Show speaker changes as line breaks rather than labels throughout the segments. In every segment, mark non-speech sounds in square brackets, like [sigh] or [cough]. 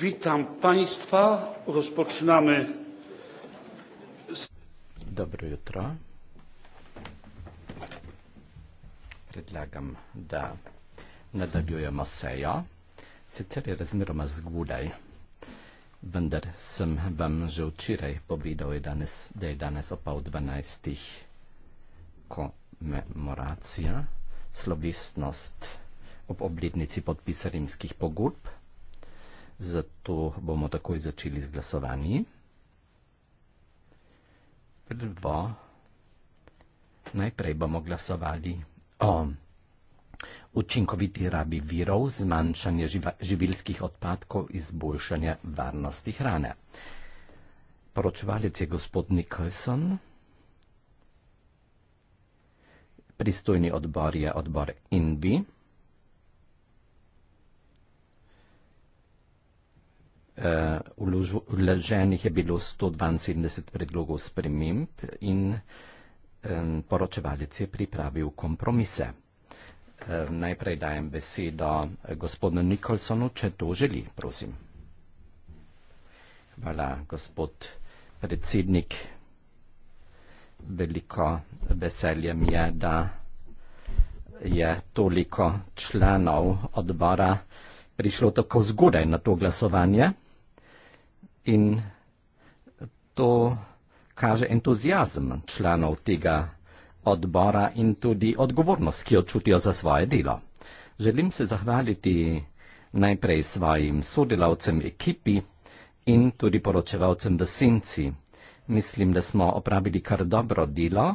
Witam Państwa. Rozpoczynamy.
Z... Dobre jutro. Predlagam, da nadaljujemo sejo. Sicer je razmeroma zgodaj, vendar sem vam že včeraj povedal, da je danes o pol dvanajstih komemoracija, slovesnost ob obletnici podpisa rimskih pogodb. Zato bomo takoj začeli z glasovanji. Prvo, najprej bomo glasovali o učinkoviti rabi virov, zmanjšanje živilskih odpadkov, izboljšanje varnosti hrane. Poročevalec je gospod Nikolson. Pristojni odbor je odbor INVI. Eh, vloženih je bilo 172 predlogov sprememb in poročevalec je pripravil kompromise. Eh, najprej dajem besedo eh, gospodu Nikolsonu, če to želi, prosim. Hvala, gospod predsednik. Veliko veselje mi je, da je toliko članov odbora prišlo tako zgodaj na to glasovanje in to kaže entuzijazm članov tega odbora in tudi odgovornost, ki jo čutijo za svoje delo. Želim se zahvaliti najprej svojim sodelavcem ekipi in tudi poročevalcem v senci. Mislim, da smo opravili kar dobro delo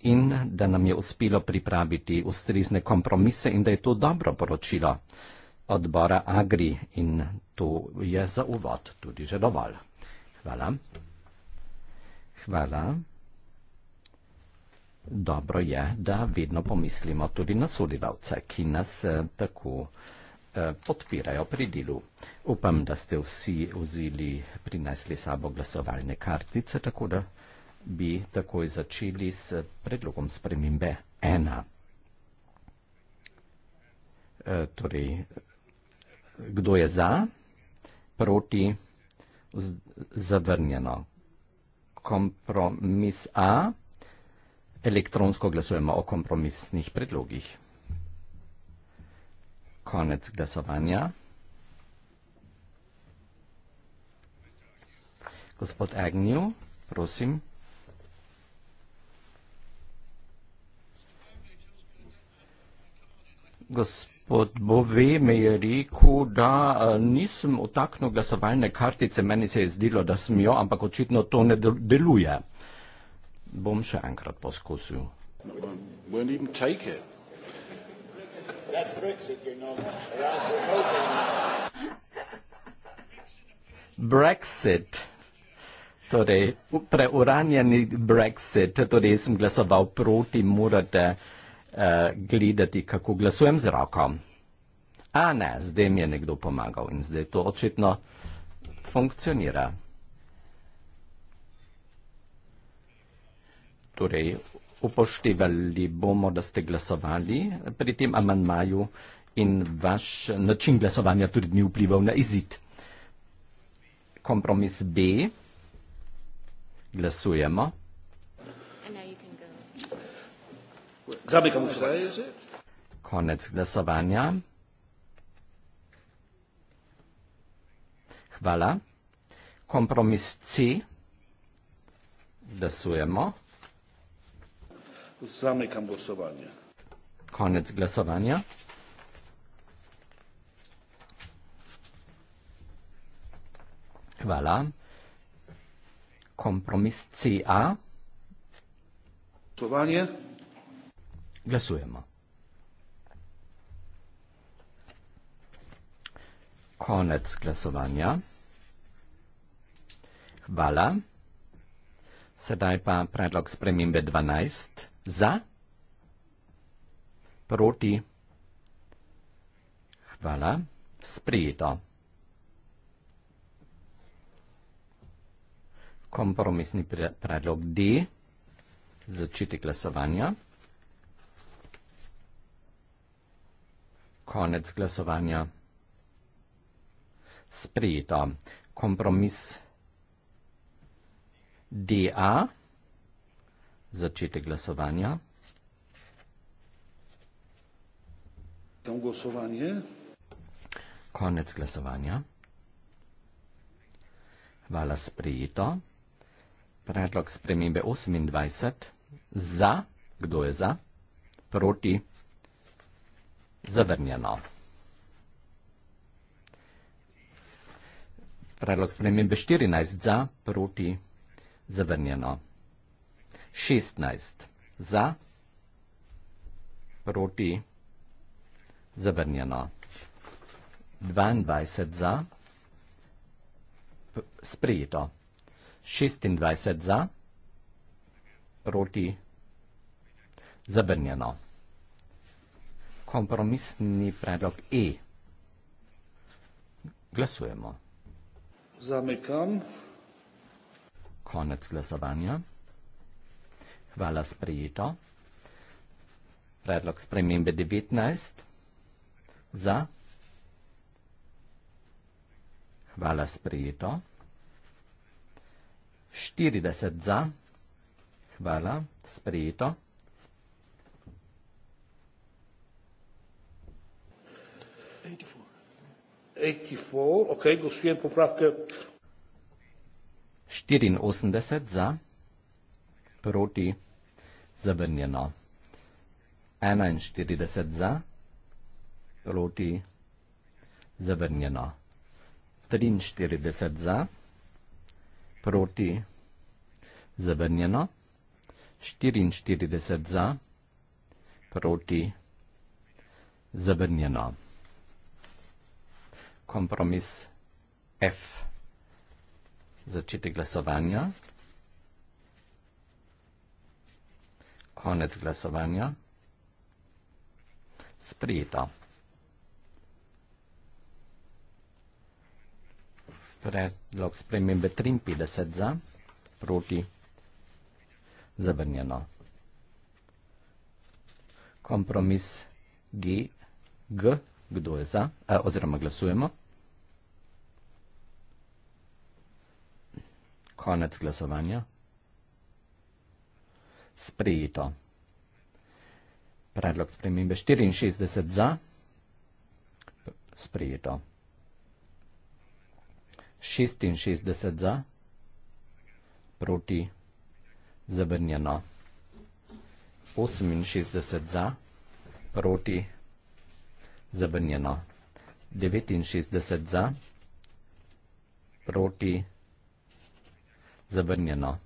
in da nam je uspelo pripraviti ustrezne kompromise in da je to dobro poročilo odbora Agri in tu je za uvod tudi že dovolj. Hvala. Hvala. Dobro je, da vedno pomislimo tudi na sodelavce, ki nas eh, tako eh, podpirajo pri delu. Upam, da ste vsi vzeli, prinesli sabo glasovalne kartice, tako da bi takoj začeli s predlogom spremembe 1. E, eh, torej, kdo je za, proti, zavrnjeno. Kompromis A, elektronsko glasujemo o kompromisnih predlogih. Konec glasovanja. Gospod Agnew, prosim. Gospod Gospod Bove mi je rekel, da eh, nisem otaknil glasovalne kartice, meni se je zdelo, da sem jo, ampak očitno to ne deluje. Bom še enkrat poskusil. Brexit, torej preuranjeni Brexit, torej sem glasoval proti, morate uh, gledati, kako glasujem z roko. A ne, zdaj mi je nekdo pomagal in zdaj to očitno funkcionira. Torej, upoštevali bomo, da ste glasovali pri tem amanmaju in vaš način glasovanja tudi ni vplival na izid. Kompromis B. Glasujemo.
Zamykam głosowanie.
Koniec głosowania. Chwala. Kompromis C. Głosujemy.
Zamykam głosowanie.
Koniec głosowania. Chwala. Kompromis CA. Głosowanie. Glasujemo. Konec glasovanja. Hvala. Sedaj pa predlog spremembe 12. Za? Proti? Hvala. Sprijeto. Kompromisni predlog D. Začetek glasovanja. konec glasovanja. Sprejeto. Kompromis DA. Začetek glasovanja. Konec glasovanja. Hvala sprejeto. Predlog spremembe 28. Za. Kdo je za? Proti zavrnjeno. Predlog spremembe 14 za, proti, zavrnjeno. 16 za, proti, zavrnjeno. 22 za, sprejeto. 26 za, proti, zavrnjeno kompromisni predlog E. Glasujemo.
Zamekam.
Konec glasovanja. Hvala sprejeto. Predlog spremembe 19. Za. Hvala sprejeto. 40 za. Hvala sprejeto.
84, ok, głosujemy poprawkę.
84 za, proti zabrnieno. 41 za, proti zabrnieno. 43 za, proti zabrnieno. 44 za, proti zabrnieno kompromis F. Začetek glasovanja. Konec glasovanja. Sprijeto. Predlog spremembe 53 za, proti, zabrnjeno. Kompromis G, G, kdo je za, oziroma glasujemo. Konec glasovanja. Sprejeto. Predlog spremembe 64 za. Sprejeto. 66 za. Proti. Zabrnjeno. 68 za. Proti. Zabrnjeno zavrnjeno. 69 za, proti, zavrnjeno.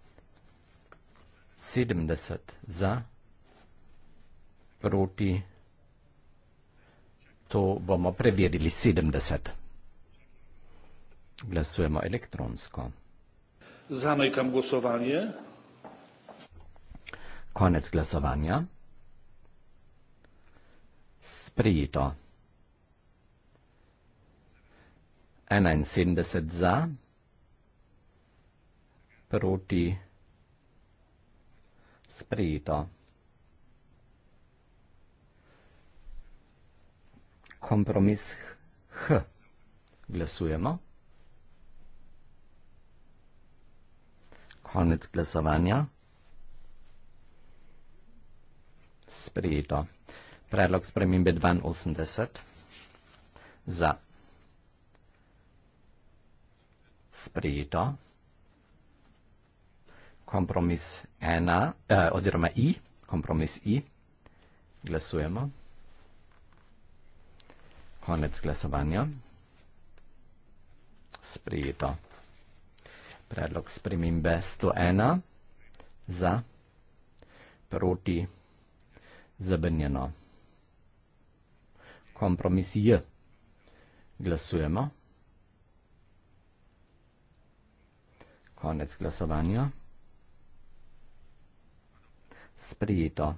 70 za, proti, to bomo preverili 70. Glasujemo elektronsko.
Zamekam glasovanje.
Konec glasovanja. Sprejito. 71 za, proti sprejeto. Kompromis H glasujemo. Konec glasovanja. Sprejeto. Predlog spremembe 82 za sprejeto. Kompromis ena, eh, oziroma i, kompromis i, glasujemo. Konec glasovanja. Sprejeto. Predlog spremembe 101 za proti zabrnjeno. Kompromis J. Glasujemo. Konec glasovanja. Sprijeto.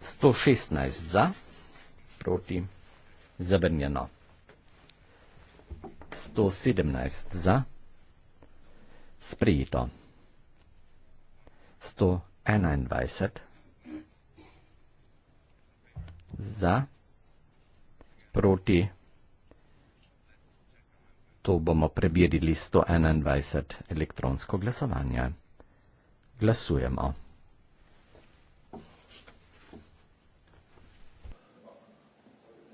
Sto šestnajst za, proti zabrnjeno. Sto sedemnajst za, sprijeto. Sto enaindvajset za, proti zabrnjeno. To bomo prebirili 121 elektronsko glasovanje. Glasujemo.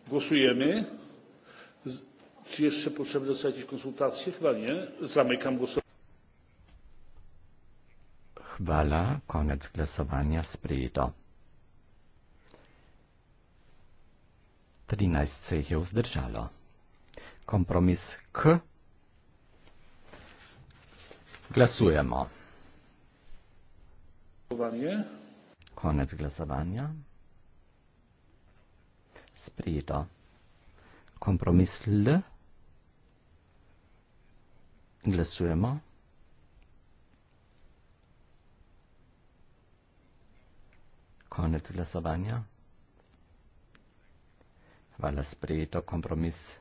Głosujemy. Czy jeszcze potrzebne są jakieś konsultacje? Chyba nie. Zamykam głosowanie.
Chwala. Koniec głosowania. Sprito. 13 się zdrżało kompromis K. Glasujemo. Glasowanie. Koniec glasowania. Sprito. Kompromis L. Glasujemo. Konec glasovanja. Hvala, sprejeto kompromis.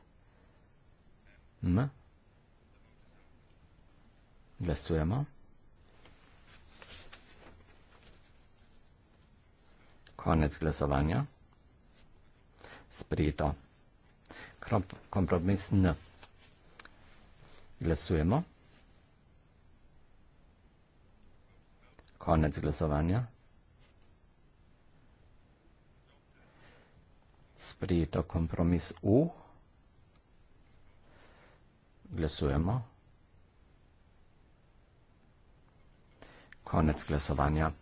M. Glasujemo. Konec glasovanja. Sprejeto. Kompromis N. Glasujemo. Konec glasovanja. Sprejeto kompromis U. Sprejeto kompromis U. Glasujemo. Konec glasovanja.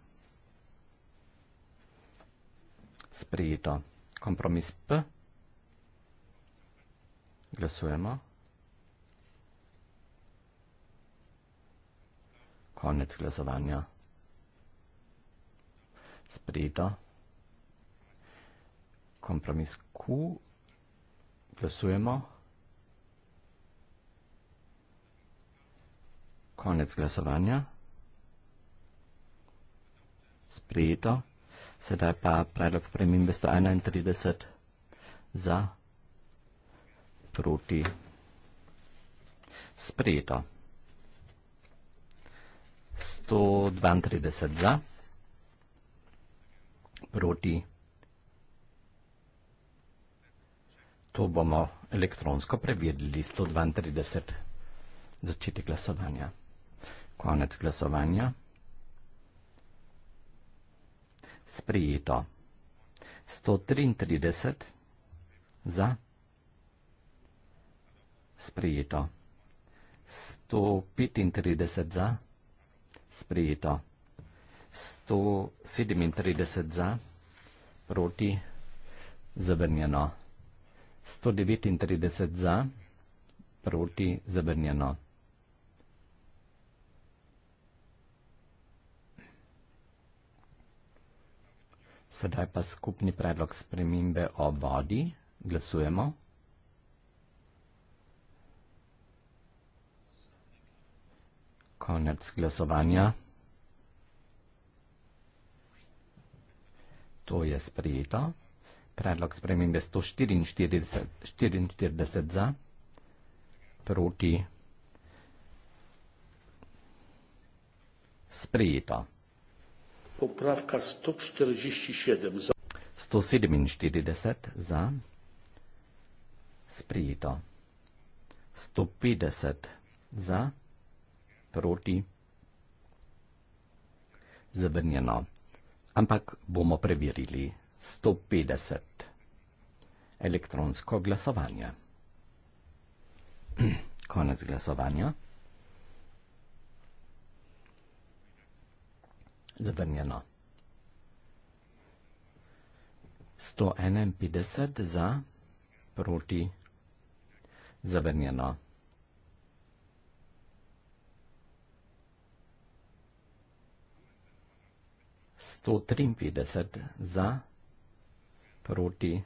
Sprijeto. Kompromis P. Glasujemo. Konec glasovanja. Sprijeto. Kompromis Q. Glasujemo. Glasujemo. Konec glasovanja. Sprijeto. Sedaj pa predlog spremembe 131 za proti. Sprijeto. 132 za proti. To bomo elektronsko prevedli, 132 začeti glasovanja. Konec glasovanja. Sprijeto. 133 za. Sprijeto. 135 za. Sprijeto. 137 za. Proti. Zabrnjeno. 139 za. Proti. Zabrnjeno. Sedaj pa skupni predlog spremembe o vodi. Glasujemo. Konec glasovanja. To je sprejeto. Predlog spremembe 144 za, proti sprejeto
poprawka 147 za.
147 za. Sprijeto. 150 za. Proti. Zabrnjeno. Ampak bomo preverili. 150. Elektronsko glasovanje. [clears throat] Konec glasovanja. zavrnjeno. 151 za, proti, zavrnjeno. Sto triinpetdeset za, proti,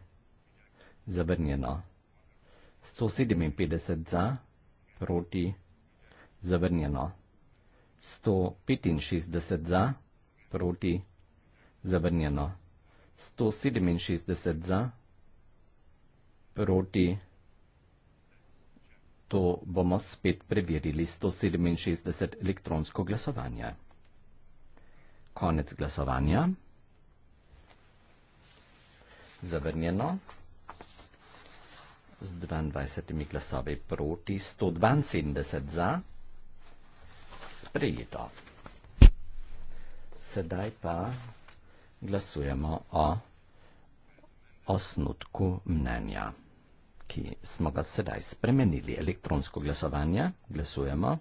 zavrnjeno. Sto sedeminpetdeset za, proti, zavrnjeno. Sto petinšestdeset za, proti, zavrnjeno proti, zavrnjeno. 167 za, proti, to bomo spet preverili, 167 elektronsko glasovanje. Konec glasovanja, zavrnjeno, z 22 glasovi proti, 172 za, sprejeto. Sedaj pa glasujemo o osnutku mnenja, ki smo ga sedaj spremenili. Elektronsko glasovanje glasujemo.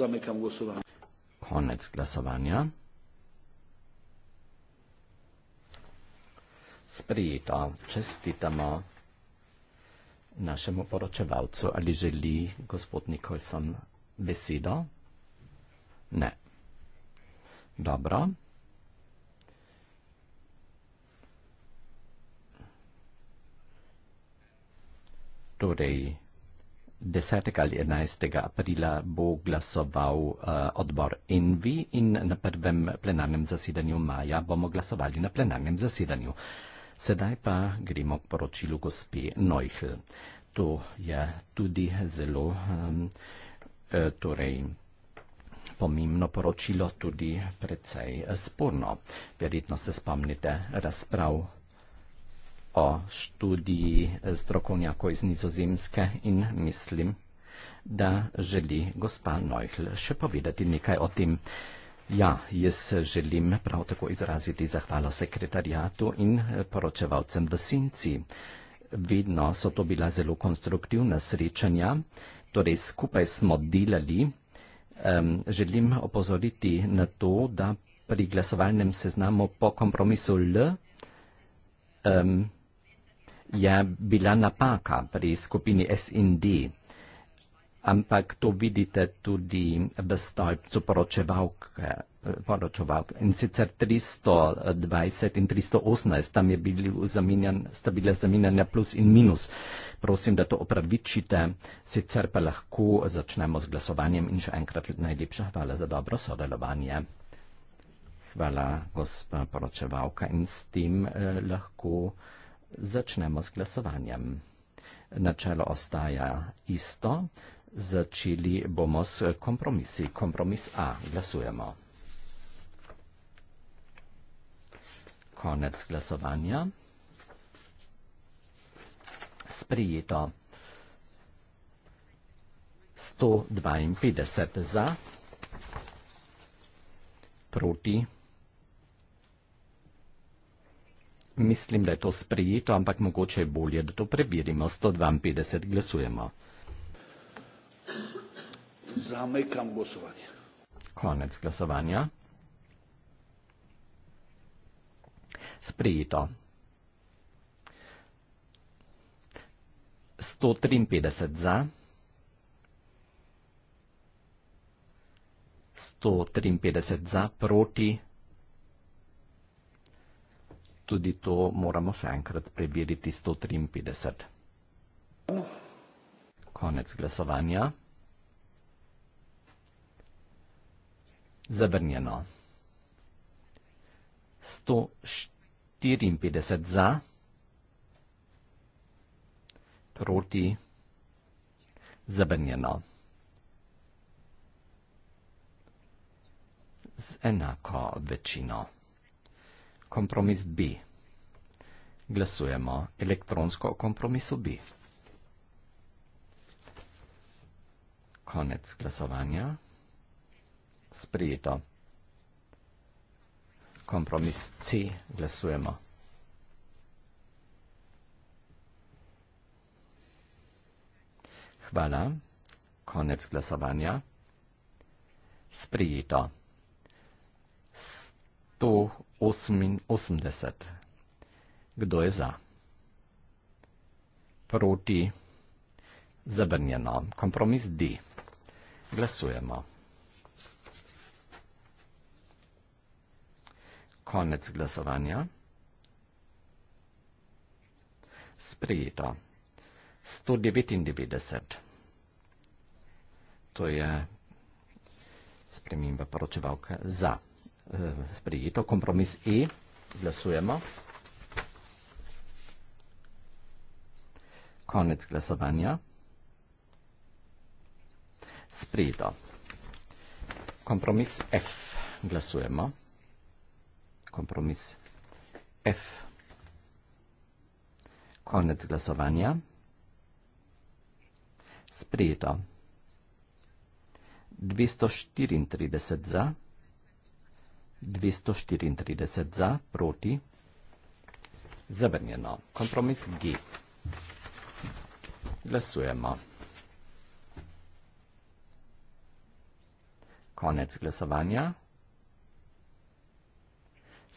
Zamekam glasovanje.
Konec glasovanja. Sprijeto. Čestitamo našemu poročevalcu, ali želi gospod Nikolson besedo. Ne. Dobro. Torej, 10. ali 11. aprila bo glasoval uh, odbor Envi in na prvem plenarnem zasedanju maja bomo glasovali na plenarnem zasedanju. Sedaj pa gremo k poročilu gospe Neuchl. To je tudi zelo um, uh, torej, pomembno poročilo, tudi precej sporno. Verjetno se spomnite razprav o študiji strokovnjako iz nizozemske in mislim, da želi gospa Neuchl še povedati nekaj o tem. Ja, jaz želim prav tako izraziti zahvalo sekretarijatu in poročevalcem v Sinci. Vedno so to bila zelo konstruktivna srečanja, torej skupaj smo delali želim opozoriti na to, da pri glasovalnem seznamu po kompromisu L um, je bila napaka pri skupini S in D, ampak to vidite tudi v stolpcu poročevalke poročoval. In sicer 320 in 318, tam je bil zamenjan, sta bile zamenjane plus in minus. Prosim, da to opravičite, sicer pa lahko začnemo z glasovanjem in še enkrat najlepša hvala za dobro sodelovanje. Hvala, gospa poročevalka, in s tem eh, lahko začnemo s glasovanjem. Načelo ostaja isto, začeli bomo s kompromisi. Kompromis A, glasujemo. konec glasovanja. Sprijeto 152 za, proti. Mislim, da je to sprijeto, ampak mogoče je bolje, da to prebirimo. 152 glasujemo.
Zamekam glasovanje.
Konec glasovanja. sprejeto. 153 za, 153 za, proti, tudi to moramo še enkrat preveriti, 153. Konec glasovanja. Zabrnjeno. 104. 54 za, proti zabrnjeno. Z enako večino. Kompromis B. Glasujemo elektronsko o kompromisu B. Konec glasovanja. Sprijeto kompromis C glasujemo. Hvala. Konec glasovanja. Sprijeto. 188. Kdo je za? Proti. Zabrnjeno. Kompromis D. Glasujemo. Konec glasovanja. Sprejeto. 199. To je sprememba poročevalke za eh, sprejeto. Kompromis E. Glasujemo. Konec glasovanja. Sprejeto. Kompromis F. Glasujemo kompromis F. Koniec glasowania. Sprijeto. 234 za, 234 za, proti, zabrnjeno. Kompromis G. Glasujemo. Konec glasovanja.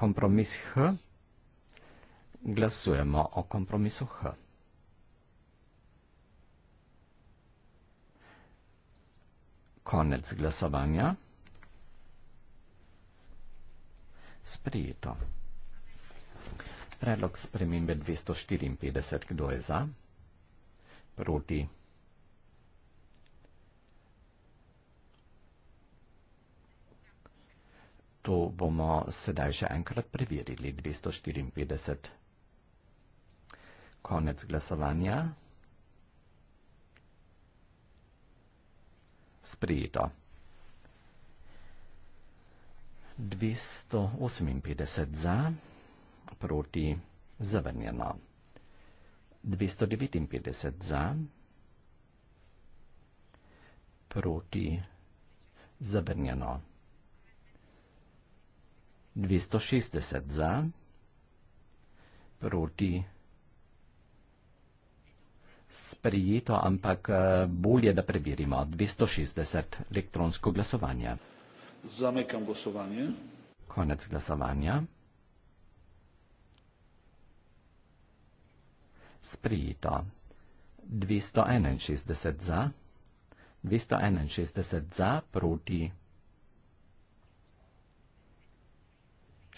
kompromis H, glasujemo o kompromisu H. Konec glasovanja. Sprijeto. Predlog spremembe 254. Kdo je za? Proti. To bomo sedaj še enkrat preverili. 254. Konec glasovanja. Sprejeto. 258 za, proti zavrnjeno. 259 za, proti zavrnjeno. 260 za, proti sprijeto, ampak bolje, da preverimo. 260 elektronsko glasovanje.
Zamekam glasovanje.
Konec glasovanja. Sprijeto. 261 za, 261 za, proti sprijeto.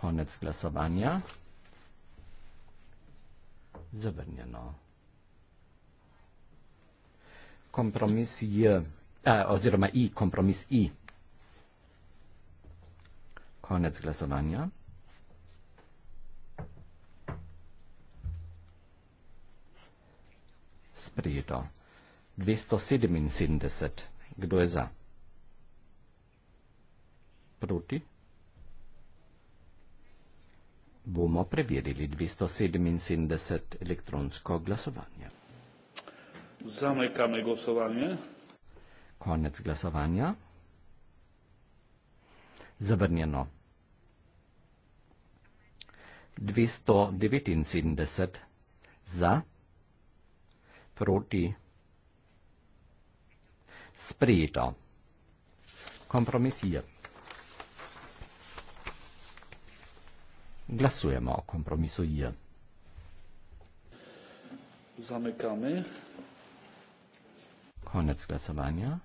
konec glasovanja. Zavrnjeno. Kompromis J, eh, oziroma I, kompromis I. Konec glasovanja. Sprejeto. 277. Kdo je za? Proti? bomo preverili 277 elektronsko glasovanje.
Zamekame glasovanje.
Konec glasovanja. Zavrnjeno. 279 za, proti, sprejeto. Kompromisiert. Glasujemo o kompromisu J.
Zamykamy.
Koniec glasowania.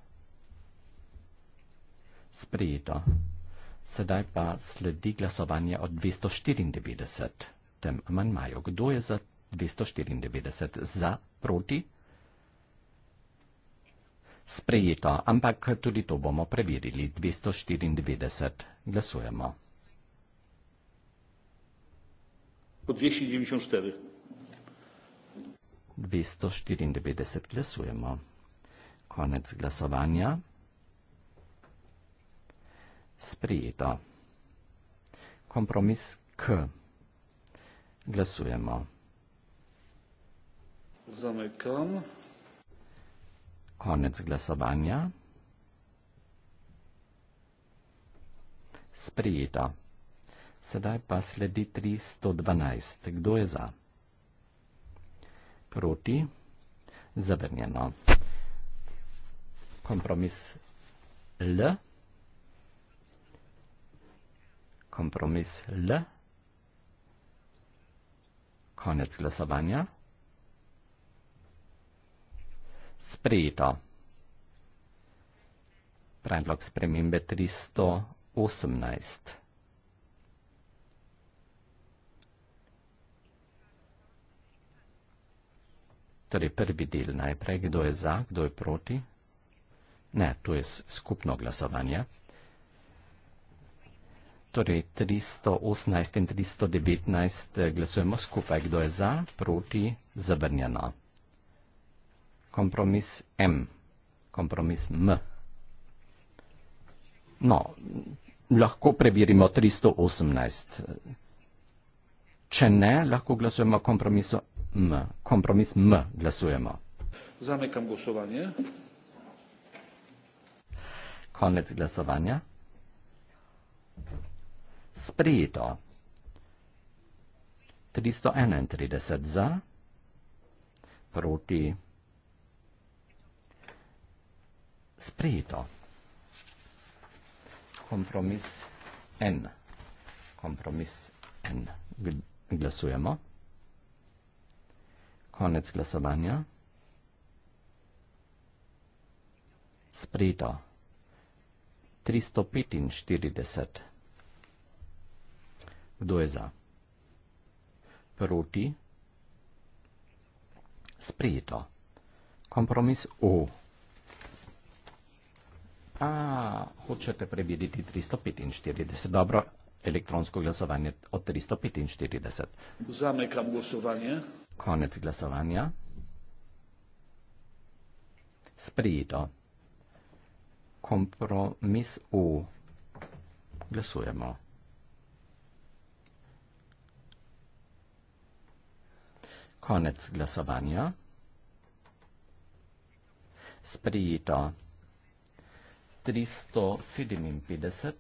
Sprijeto. Sedaj pa sledi glasowanie o 294. Tem amandmaju. Kdo je za 294? Za, proti? Sprijeto. Ampak tudi to bomo preverili. 294. Glasujemo.
po 294.
294 glasujemo. Konec glasovanja. Sprijeto. Kompromis K. Glasujemo.
Zamekam.
Konec glasovanja. Sprijeto. Sedaj pa sledi 312. Kdo je za? Proti? Zavrnjeno. Kompromis L. Kompromis L. Konec glasovanja. Sprejeto. Predlog spremembe 318. Torej, prvi del najprej, kdo je za, kdo je proti. Ne, to je skupno glasovanje. Torej, 318 in 319 eh, glasujemo skupaj, kdo je za, proti, zabrnjeno. Kompromis M, kompromis M. No, lahko preverimo 318. Če ne, lahko glasujemo kompromiso M. Kompromis M. Glasujemo.
Zamykam głosowanie.
Koniec głosowania. Sprito. 331 za. Proti. Sprito. Kompromis N. Kompromis N. Glasujemo. Konec glasovanja. Sprejeto. 345. Kdo je za? Proti. Sprejeto. Kompromis O. A, hočete prebiditi 345. Dobro, elektronsko glasovanje od 345.
Zamekam glasovanje
konec glasovanja. Sprijeto. Kompromis U. Glasujemo. Konec glasovanja. Sprijeto. 357.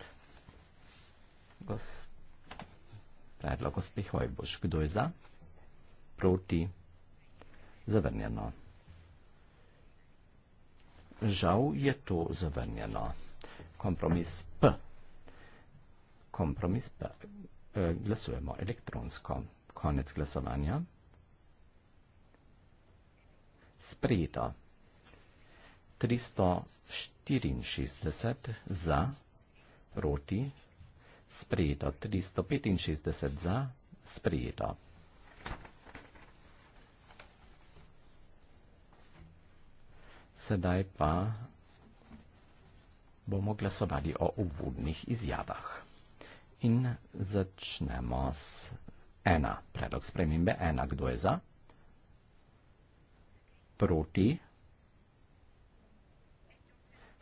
Predlog gospe Hojbuš. Kdo je za? Kdo je za? proti zavrnjeno. Žal je to zavrnjeno. Kompromis P. Kompromis P. E, glasujemo elektronsko. Konec glasovanja. Sprejeto. 364 za, proti, sprejeto 365 za, sprejeto. Sedaj pa bomo glasovali o uvodnih izjavah. In začnemo s ena. Predlog spremembe ena. Kdo je za? Proti.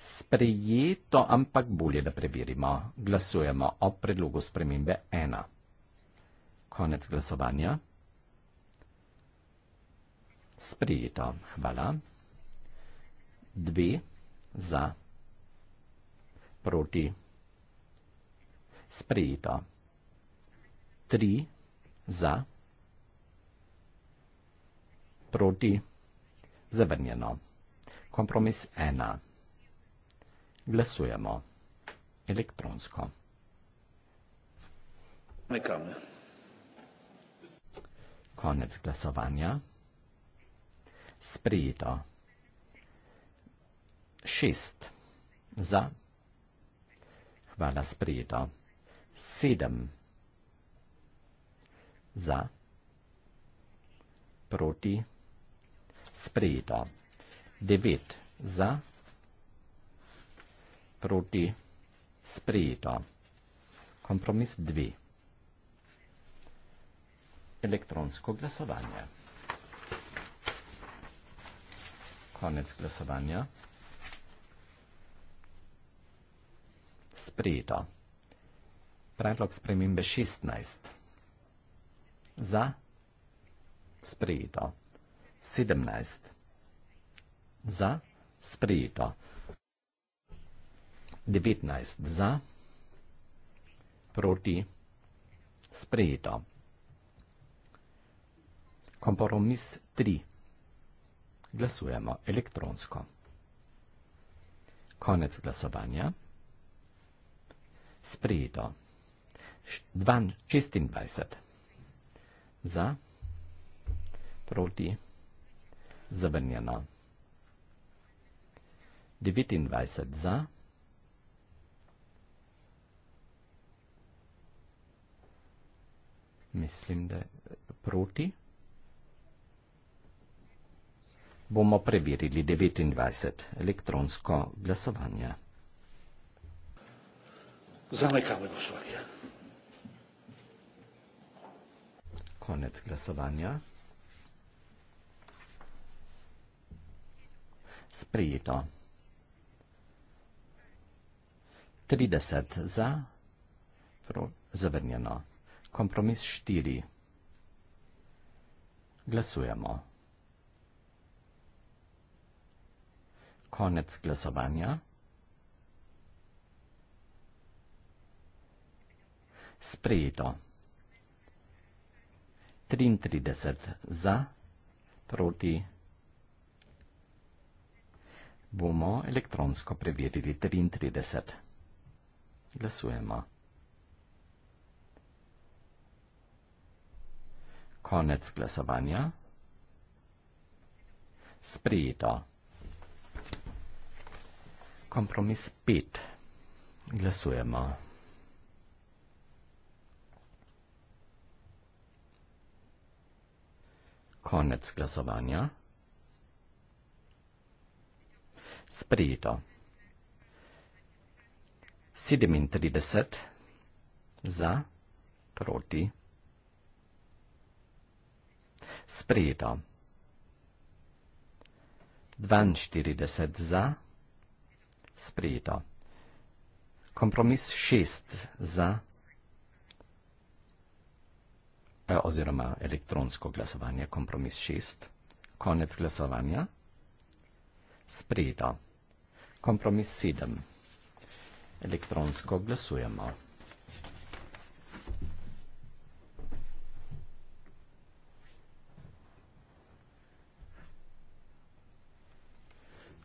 Sprejeto, ampak bolje, da preverimo. Glasujemo o predlogu spremembe ena. Konec glasovanja. Sprejeto. Hvala dve za, proti, sprejeto, tri za, proti, zavrnjeno, kompromis ena. Glasujemo elektronsko. Nekam. Konec glasovanja. Sprejeto šest za, hvala sprejeto, sedem za, proti, sprejeto, devet za, proti, sprejeto, kompromis dve, elektronsko glasovanje. Konec glasovanja. sprejeto. Predlog spremembe 16. Za sprejeto. 17. Za sprejeto. 19. Za proti sprejeto. Kompromis 3. Glasujemo elektronsko. Konec glasovanja sprejeto. 26 za, proti, zavrnjeno. 29 za, 29 za, mislim, da proti. Bomo preverili 29 elektronsko glasovanje.
Zamykamy głosowanie.
Koniec głosowania. Sprijeto. 30 za. Zavrnjeno. Kompromis 4. Glasujemo. Konec glasovanja. sprejeto. 33 za, proti bomo elektronsko preverili 33. Glasujemo. Konec glasovanja. Sprejeto. Kompromis 5. Glasujemo. konec glasovanja. Sprejeto. 37 za, proti. Sprejeto. 42 za, sprejeto. Kompromis 6 za, proti. Eh, oziroma elektronsko glasovanje, kompromis 6. Konec glasovanja. Sprejeto. Kompromis 7. Elektronsko glasujemo.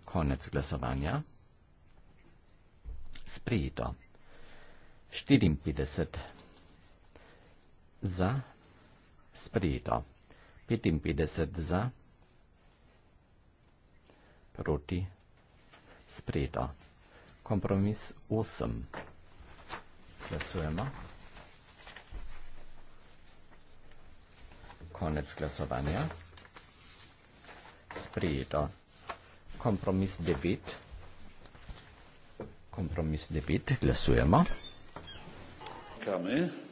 Konec glasovanja. Sprejeto. 54 za sprejeto. 55 za, proti, sprejeto. Kompromis 8. Glasujemo. Konec glasovanja. Sprejeto. Kompromis 9. Kompromis 9. Glasujemo.
Kame. Kame.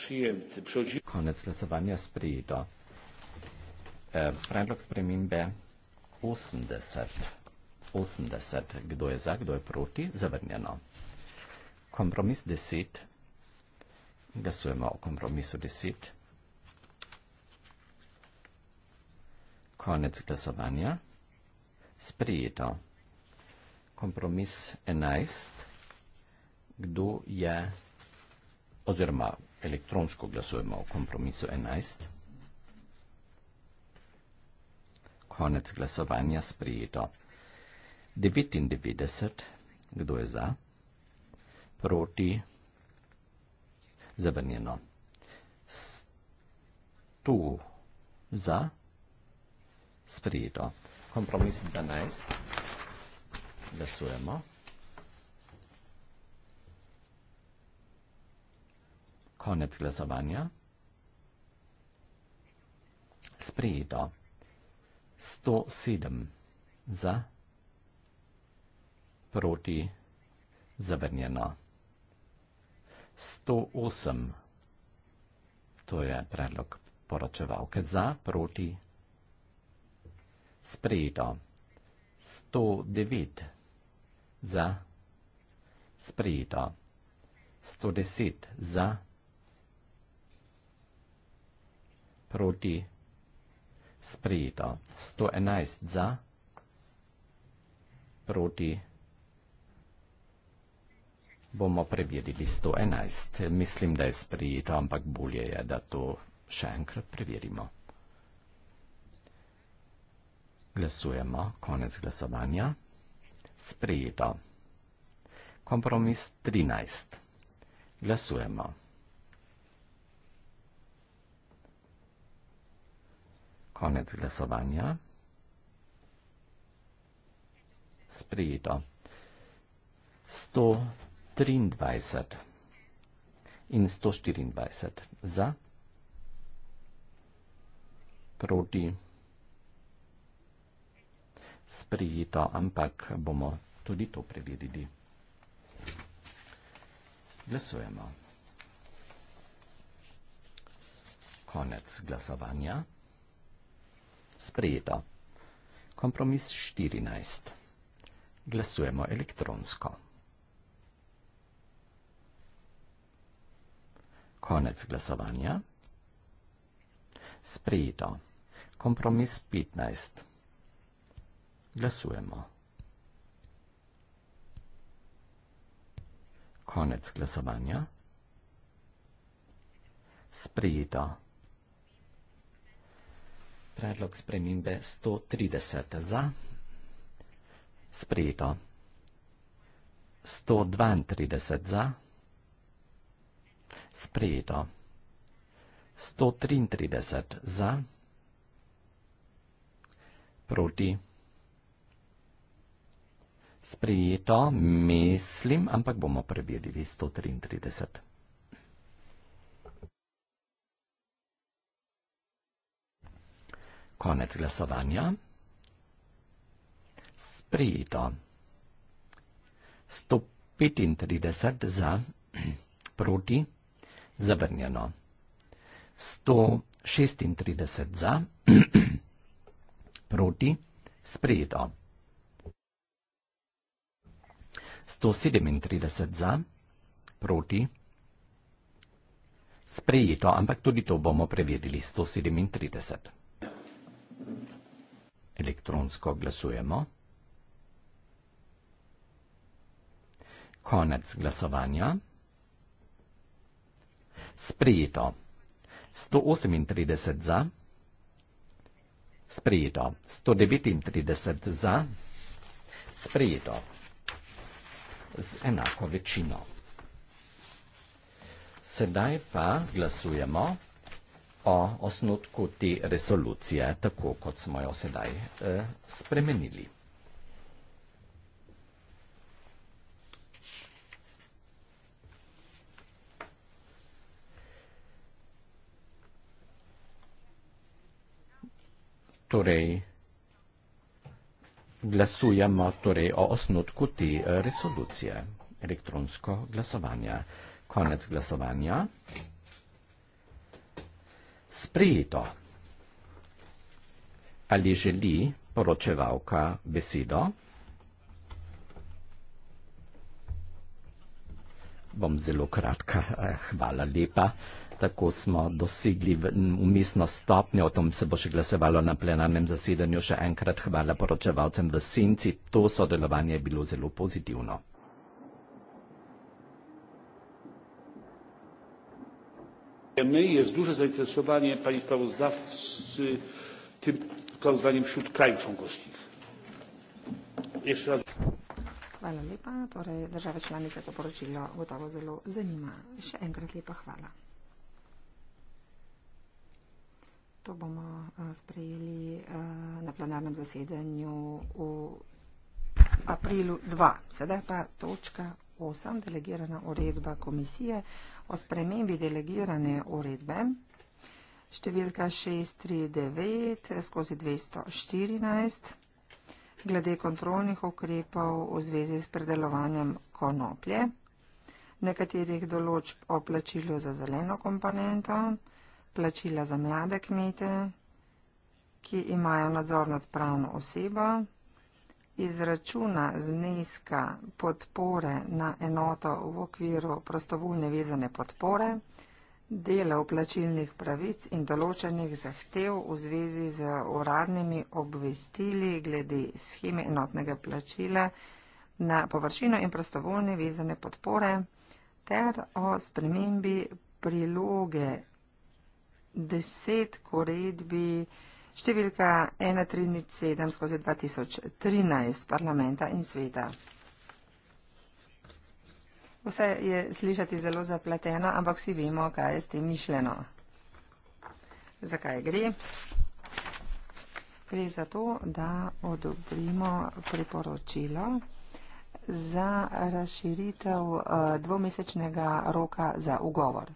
przyjęty. Przychodzi... Koniec głosowania z Prido. E, predlog spremembe 80. 80. Kdo je za, kdo je proti? Zavrnjeno. Kompromis 10. Glasujemo o kompromisu 10. Konec glasovanja. Sprijeto. Kompromis 11. Kdo je oziroma elektronsko glasujemo o kompromisu 11. Konec glasovanja sprejeto. 99. Kdo je za? Proti? Zavrnjeno. 100. Za? Sprejeto. Kompromis 12. Glasujemo. Konec glasovanja. Sprejeto. 107 za, proti, zavrnjeno. 108, to je predlog poročevalke, za, proti, sprejeto. 109 za, sprejeto. 110 za, proti. proti sprejeto. 111 za, proti bomo preverili 111. Mislim, da je sprejeto, ampak bolje je, da to še enkrat preverimo. Glasujemo, konec glasovanja. Sprejeto. Kompromis 13. Glasujemo. Konec glasovanja. Sprejeto. 123 in 124 za, proti. Sprejeto, ampak bomo tudi to preverili. Glasujemo. Konec glasovanja sprejeto. Kompromis 14. Glasujemo elektronsko. Konec glasovanja. Sprejeto. Kompromis 15. Glasujemo. Konec glasovanja. Sprejeto predlog spremembe 130 za, sprejeto 132 za, sprejeto 133 za, proti. Sprejeto, mislim, ampak bomo preverili 133. Konec glasovanja. Sprijeto. 135 [clears throat] [clears throat] za, proti, zavrnjeno. 136 za, proti, sprijeto. 137 za, proti, sprijeto, ampak tudi to bomo preverili, 137. Elektronsko glasujemo. Konec glasovanja. Sprejeto. 138 za. Sprejeto. 139 za. Sprejeto. Z enako večino. Sedaj pa glasujemo o osnutku te resolucije, tako kot smo jo sedaj eh, spremenili. Torej, glasujemo torej o osnutku te eh, resolucije, elektronsko glasovanje. Konec glasovanja sprejeto. Ali želi poročevalka besedo? Bom zelo kratka, eh, hvala lepa. Tako smo dosegli umestno stopnjo, o tom se bo še glasovalo na plenarnem zasedanju. Še enkrat hvala poročevalcem v Senci, to sodelovanje je bilo zelo pozitivno.
my jest duże zainteresowanie pani sprawozdawcy tym sprawozdaniem wśród krajów członkowskich. Jeszcze raz.
Hvala lepa. Torej, država članica to poročilo gotovo zelo zanima. Še enkrat lepa hvala. To bomo eh, sprejeli eh, na plenarnem zasedanju v aprilu 2. Sedaj pa točka 8, delegirana uredba komisije o spremembi delegirane uredbe številka 639 skozi 214 glede kontrolnih ukrepov v zvezi s predelovanjem konoplje, nekaterih določb o plačilu za zeleno komponento, plačila za mlade kmete, ki imajo nadzor nad pravno osebo, izračuna zneska podpore na enoto v okviru prostovoljne vezane podpore, dela vplačilnih pravic in določenih zahtev v zvezi z uradnimi obvestili glede scheme enotnega plačila na površino in prostovoljne vezane podpore ter o spremembi priloge deset koredbi številka 137 skozi 2013 parlamenta in sveta. Vse je slišati zelo zapleteno, ampak vsi vemo, kaj je s tem mišljeno. Zakaj gre? Gre za to, da odobrimo priporočilo za razširitev eh, dvomesečnega roka za ugovor.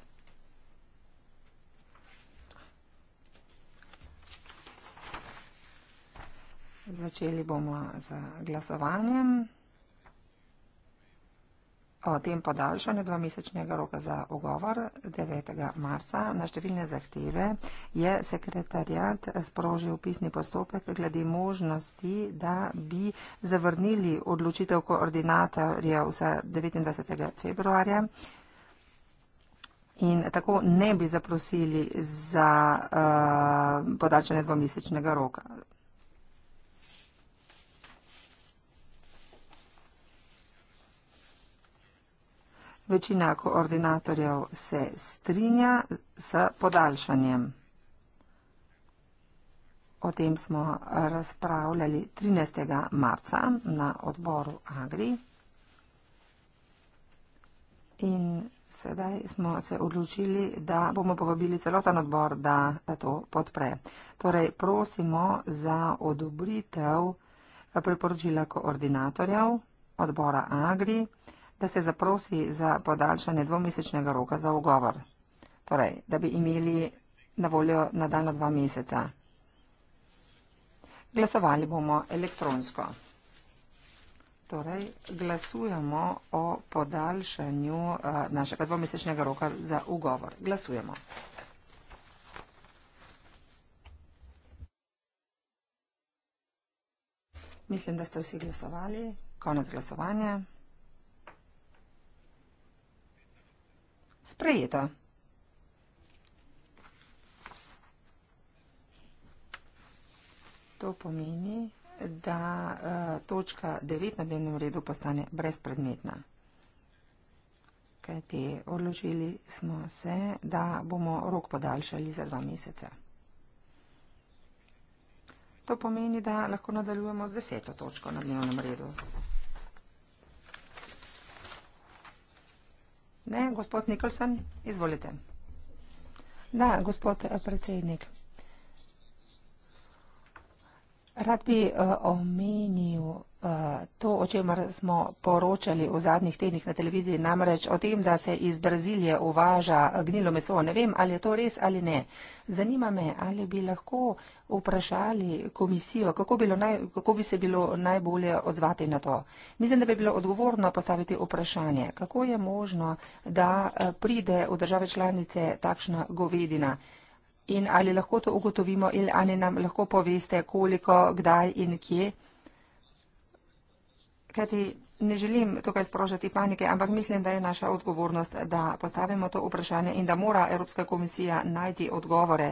Začeli bomo z glasovanjem o tem podaljšanju dvomesečnega roka za ogovor 9. marca. Na številne zahteve je sekretarjat sprožil pisni postopek glede možnosti, da bi zavrnili odločitev koordinatorja vse 29. februarja. In tako ne bi zaprosili za uh, eh, podačanje dvomesečnega roka. Večina koordinatorjev se strinja s podaljšanjem. O tem smo razpravljali 13. marca na odboru Agri. In sedaj smo se odločili, da bomo povabili celoten odbor, da to podpre. Torej, prosimo za odobritev priporočila koordinatorjev odbora Agri da se zaprosi za podaljšanje dvomesečnega roka za ugovor. Torej, da bi imeli na voljo nadaljno dva meseca. Glasovali bomo elektronsko. Torej, glasujemo o podaljšanju a, eh, našega dvomesečnega roka za ugovor. Glasujemo. Mislim, da ste vsi glasovali. Konec glasovanja. sprejeta. To pomeni, da eh, točka 9 na dnevnem redu postane brezpredmetna. Kajti odložili smo se, da bomo rok podaljšali za dva meseca. To pomeni, da lahko nadaljujemo z deseto točko na dnevnem redu. Ne, gospod Nikolsen, izvolite. Da, gospod eh, predsednik. Rad bi uh, omenil uh, to, o čemer smo poročali v zadnjih tednih na televiziji, namreč o tem, da se iz Brazilije uvaža gnilo meso. Ne vem, ali je to res ali ne. Zanima me, ali bi lahko vprašali komisijo, kako, naj, kako bi se bilo najbolje odzvati na to. Mislim, da bi bilo odgovorno postaviti vprašanje, kako je možno, da uh, pride v države članice takšna govedina. Uh, In ali lahko to ugotovimo in ali nam lahko poveste, koliko, kdaj in kje? Kajti ne želim tukaj sprožati panike, ampak mislim, da je naša odgovornost, da postavimo to vprašanje in da mora Evropska komisija najti odgovore.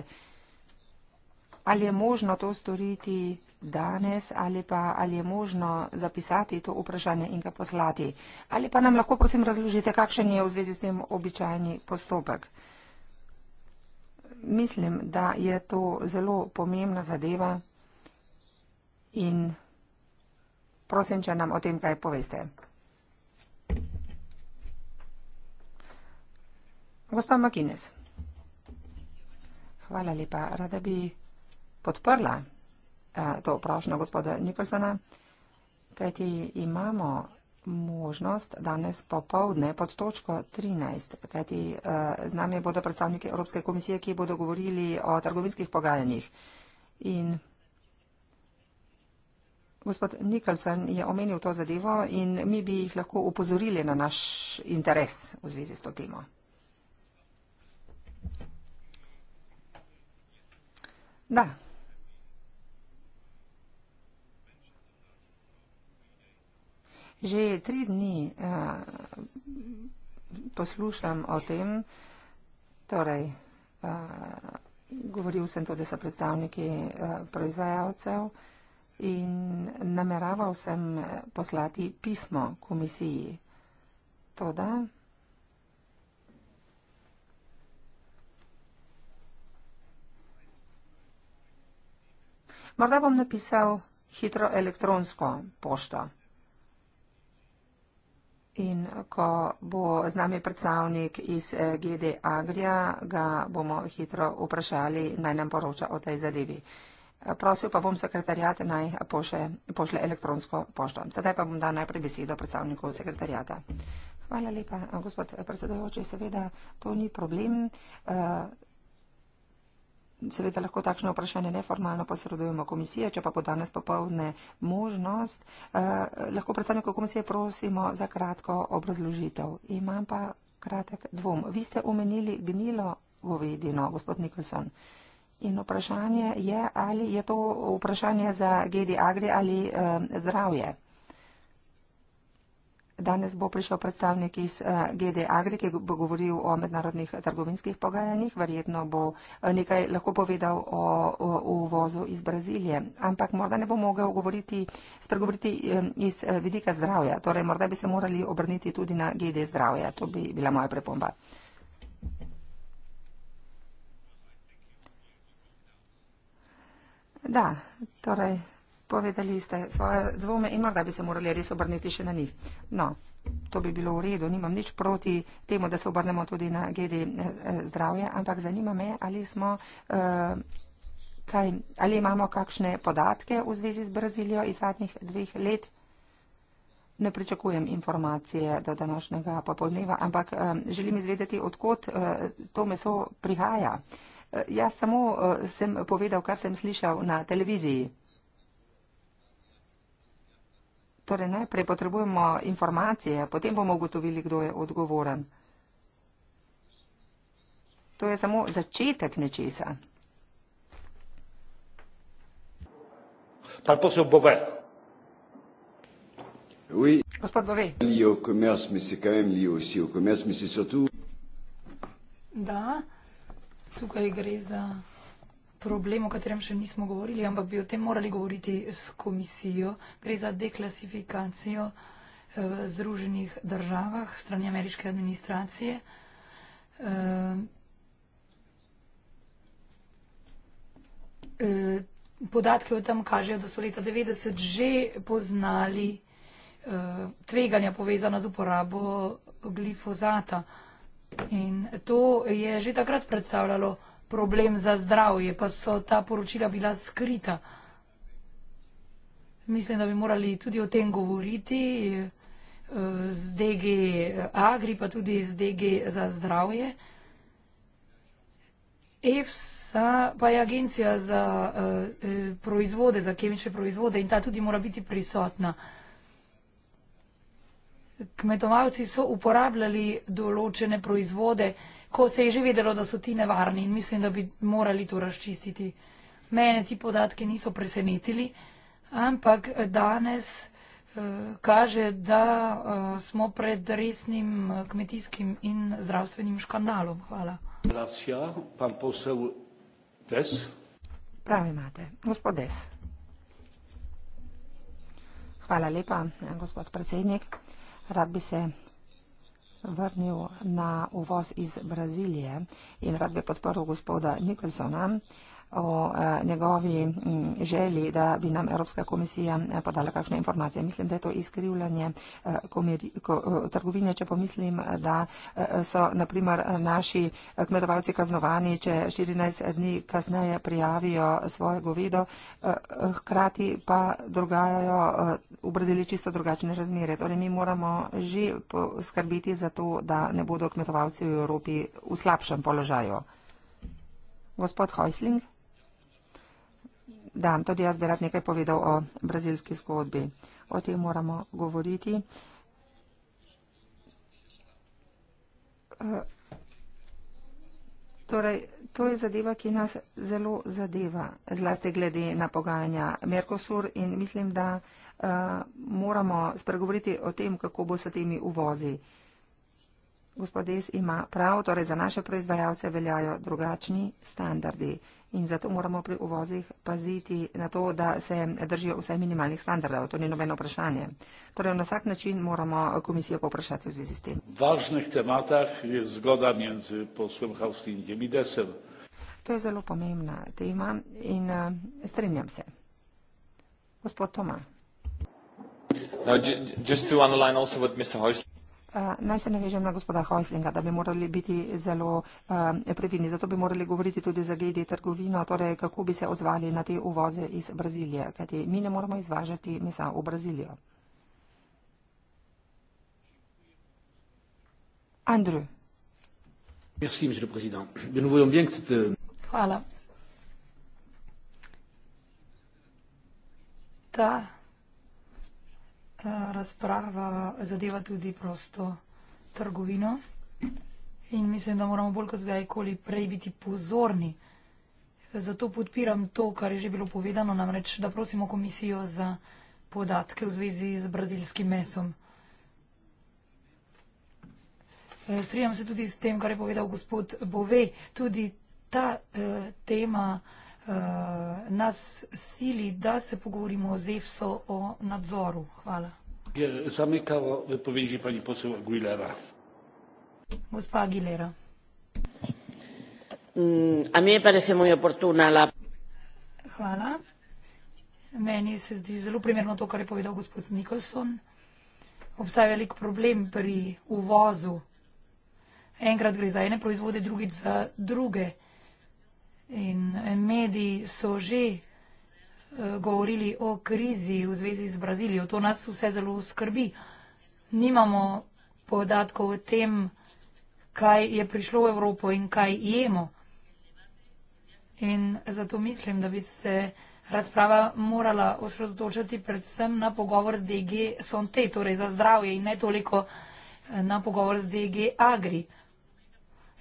Ali je možno to storiti danes ali pa ali je možno zapisati to vprašanje in ga poslati? Ali pa nam lahko prosim razložite, kakšen je v zvezi s tem običajni postopek? mislim, da je to zelo pomembna zadeva in prosim, če nam o tem kaj poveste. Gospa Makines, hvala lepa. Rada bi podprla uh, to prošnjo gospoda Nikolsona, kajti imamo možnost danes popovdne pod točko 13. Kajti eh, z nami bodo predstavniki Evropske komisije, ki bodo govorili o trgovinskih pogajanjih. In gospod Nikolson je omenil to zadevo in mi bi jih lahko upozorili na naš interes v zvezi s to temo. Da, Že tri dni uh, poslušam o tem, torej uh, govoril sem tudi sa predstavniki uh, proizvajalcev in nameraval sem poslati pismo komisiji. Toda morda bom napisal hitro elektronsko pošto. In ko bo z nami predstavnik iz eh, GD Agrija, ga bomo hitro vprašali, naj nam poroča o tej zadevi. Eh, prosil pa bom sekretarjate naj pošle, pošle elektronsko pošto. Sedaj pa bom dal najprej besedo predstavnikov sekretarjata. Hvala lepa, eh, gospod predsedajoči. Seveda, to ni problem. Uh, Seveda lahko takšno vprašanje neformalno posredujemo komisije, če pa bo danes popolne možnost, eh, lahko predstavnika komisije prosimo za kratko obrazložitev. Imam pa kratek dvom. Vi ste omenili gnilo govedino, gospod Nikolson. In vprašanje je, ali je to vprašanje za GD Agri ali eh, zdravje. Danes bo prišel predstavnik iz eh, GD Agri, ki bo govoril o mednarodnih trgovinskih pogajanjih. Verjetno bo eh, nekaj lahko povedal o uvozu iz Brazilije. Ampak morda ne bo mogel govoriti, spregovoriti eh, iz vidika zdravja. Torej, morda bi se morali obrniti tudi na GD zdravja. To bi bila moja prepomba. Da, torej povedali ste svoje dvome in morda bi se morali res obrniti še na njih. No, to bi bilo v redu, nimam nič proti temu, da se obrnemo tudi na GD eh, eh, zdravje, ampak zanima me, ali smo. Uh, Kaj, ali imamo kakšne podatke v zvezi z Brazilijo iz zadnjih dveh let? Ne pričakujem informacije do današnjega popolneva, ampak um, želim izvedeti, odkot uh, to meso prihaja. Uh, jaz samo uh, sem povedal, kar sem slišal na televiziji. Torej najprej potrebujemo informacije, potem bomo ugotovili, kdo je odgovoren. To je samo začetek nečesa. Gospod Bove.
Da, tukaj gre za problem, o katerem še nismo govorili, ampak bi o tem morali govoriti s komisijo. Gre za deklasifikacijo v eh, Združenih državah strani ameriške administracije. Eh, eh, Podatke o tem kažejo, da so leta 90 že poznali tveganja povezana z uporabo glifozata. In to je že takrat predstavljalo, da je to, problem za zdravje, pa so ta poročila bila skrita. Mislim, da bi morali tudi o tem govoriti eh, z DG Agri, pa tudi z DG za zdravje. EFSA pa je agencija za eh, eh, proizvode, za kemične proizvode in ta tudi mora biti prisotna. Kmetovalci so uporabljali določene proizvode, ki so uporabljali ko se je že vedelo, da so ti nevarni in mislim, da bi morali to razčistiti. Mene ti podatki niso presenetili, ampak danes eh, kaže, da eh, smo pred resnim eh, kmetijskim in zdravstvenim
škandalom. Hvala.
Gracia, pan posel Des.
Pravi
imate, gospod Des. Hvala lepa, gospod predsednik. Rad bi se vrnil na uvoz iz Brazilije in rad bi podporil gospoda Nikolsona o e, njegovi mm, želji, da bi nam Evropska komisija e, podala kakšne informacije. Mislim, da je to izkrivljanje e, trgovine, če pomislim, da so naprimer naši kmetovalci kaznovani, če 14 dni kasneje prijavijo svoje govedo, hkrati pa drugajo v Braziliji čisto drugačne razmere. Torej, mi moramo že skrbiti za to, da ne bodo kmetovalci v Evropi v slabšem položaju. Gospod Heusling. Da, tudi jaz bi rad nekaj povedal o brazilski zgodbi. O tem moramo govoriti. Eh, torej, to je zadeva, ki nas zelo zadeva, zlasti glede na pogajanja Merkosur in mislim, da uh, moramo spregovoriti o tem, kako bo s temi uvozi. Gospod Des ima prav, torej za naše proizvajalce veljajo drugačni standardi. In zato moramo pri uvozih paziti na to, da se držijo vsaj minimalnih standardov. To ni nobeno vprašanje. Torej, na vsak način moramo komisijo poprašati v zvezi s tem.
V važnih tematah je zgoda med poslom Haustinjem in Desem.
To je zelo pomembna tema in uh, strinjam se. Gospod Toma.
No, just to underline also what Mr. Hoyt.
Eh, naj se navežem na gospoda Hoslinga, da bi morali biti zelo eh, previdni. Zato bi morali govoriti tudi za GD trgovino, torej kako bi se odzvali na te uvoze iz Brazilije, kajti mi ne moramo izvažati mesa v Brazilijo. Andrew.
Merci, monsieur le président. Nous voyons bien que cette. Euh,
voilà. Ta. Da razprava zadeva tudi prosto trgovino. In mislim, da moramo bolj kot kdajkoli prej biti pozorni. Zato podpiram to, kar je že bilo povedano, namreč, da prosimo komisijo za podatke v zvezi z brazilskim mesom. E, Strijam se tudi s tem, kar je povedal gospod Bove. Tudi ta eh, tema. Eh, nas sili, da se pogovorimo z EFSO o nadzoru. Hvala.
Zamekalo v poveži pani posel Aguilera.
Gospa Aguilera. Mm, a mi je parece muy oportuna la... Hvala. Meni se zdi zelo primerno to, kar je povedal gospod Nikolson. Obstaja velik problem pri uvozu. Enkrat gre za ene proizvode, drugič za druge proizvode. In eh, mediji so že eh, govorili o krizi v zvezi z Brazilijo. To nas vse zelo skrbi. Nimamo podatkov o tem, kaj je prišlo v Evropo in kaj jemo. In zato mislim, da bi se razprava morala osredotočati predvsem na pogovor z DG Sonte, torej za zdravje in ne toliko eh, na pogovor z DG Agri.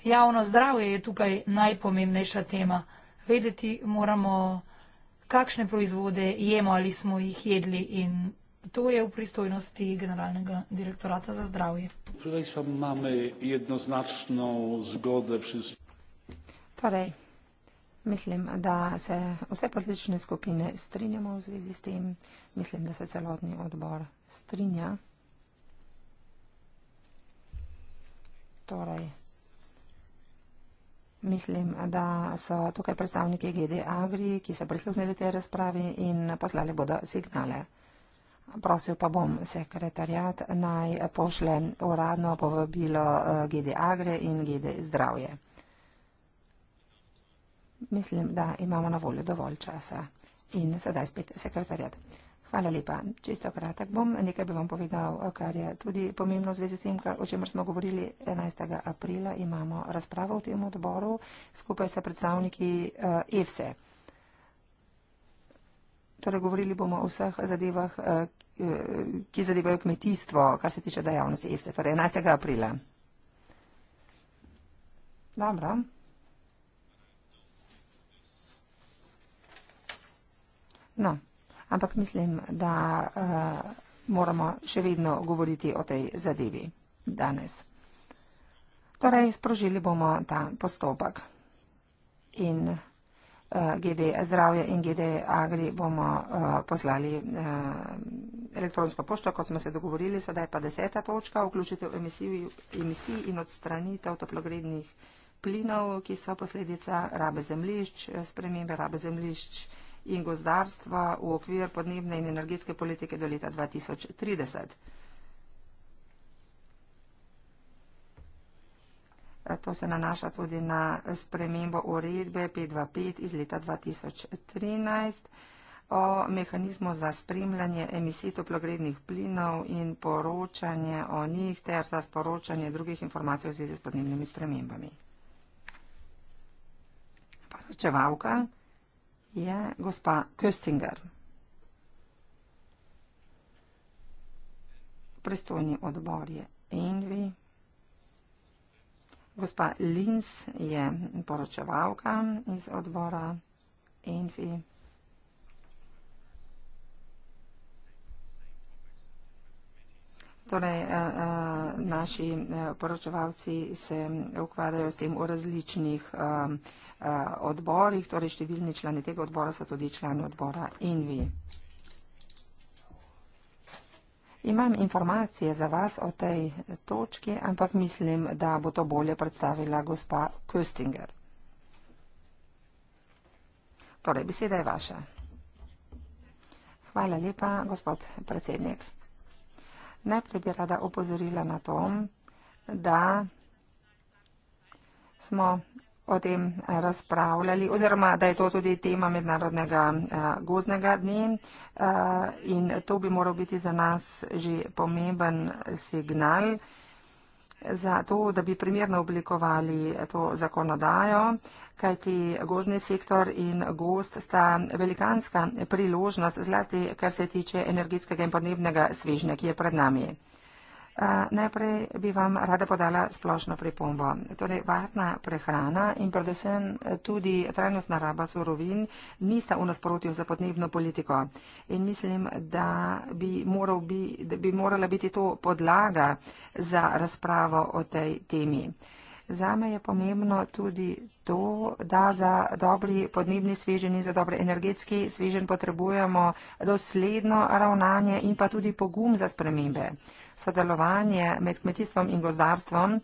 Javno zdravje je tukaj najpomembnejša tema. Vedeti moramo, kakšne proizvode jemo ali smo jih jedli in to je v pristojnosti Generalnega direktorata za zdravje.
Torej, mislim, da se vse politične skupine strinjamo v zvezi s tem. Mislim, da se celotni odbor strinja. Torej, Mislim, da so tukaj predstavniki GD Agri, ki so prisluhnili te razpravi in poslali bodo signale. Prosil pa bom sekretarjat naj pošle uradno povabilo eh, GD Agre in GD Zdravje. Mislim, da imamo na voljo dovolj časa. In sedaj spet sekretarjat. Hvala lepa. Čisto kratek bom. Nekaj bi vam povedal, kar je tudi pomembno v zvezi s tem, kar, o čemer smo govorili 11. aprila. Imamo razpravo v tem odboru skupaj s predstavniki uh, EFSE. Torej, govorili bomo o vseh zadevah, uh, ki zadevajo kmetijstvo, kar se tiče dejavnosti EFSE. Torej, 11. aprila. Dobro. No ampak mislim, da uh, moramo še vedno govoriti o tej zadevi danes. Torej, sprožili bomo ta postopek in uh, eh, GD zdravje in GD agri bomo uh, poslali uh, elektronsko pošto, kot smo se dogovorili, sedaj pa deseta točka, vključitev emisij in odstranitev toplogrednih plinov, ki so posledica rabe zemlišč, spremembe rabe zemlišč in gozdarstva v okvir podnebne in energetske politike do leta 2030. To se nanaša tudi na spremembo uredbe 525 iz leta 2013 o mehanizmu za spremljanje emisij toplogrednih plinov in poročanje o njih ter za sporočanje drugih informacij v zvezi s podnebnimi spremembami. Pa, če valka je gospa Köstinger. Pristojni odbor je Envi. Gospa Linz je poročevalka iz odbora Envi. Torej, eh, eh, naši eh, poročevalci se ukvarjajo s tem v različnih um, Eh, odborih, torej številni člani tega odbora so tudi člani odbora INVI. Imam informacije za vas o tej točki, ampak mislim, da bo to bolje predstavila gospa Köstinger. Torej, beseda je vaša. Hvala lepa, gospod predsednik. Najprej bi rada opozorila na to, da smo o tem eh, razpravljali, oziroma da je to tudi tema mednarodnega eh, gozdnega dne eh, in to bi moral biti za nas že pomemben signal za to, da bi primerno oblikovali to zakonodajo, kajti gozdni sektor in gost sta velikanska priložnost, zlasti kar se tiče energetskega in podnebnega svežnja, ki je pred nami. Najprej bi vam rada podala splošno pripombo. Torej, varna prehrana in predvsem eh, tudi trajnostna raba surovin nista v nasprotju za podnebno politiko. In mislim, da bi, moral bi, da bi morala biti to podlaga za razpravo o tej temi. Zame je pomembno tudi to, da za dobri podnebni svežen in za dobri energetski svežen potrebujemo dosledno ravnanje in pa tudi pogum za spremembe. Sodelovanje med kmetijstvom in gozdarstvom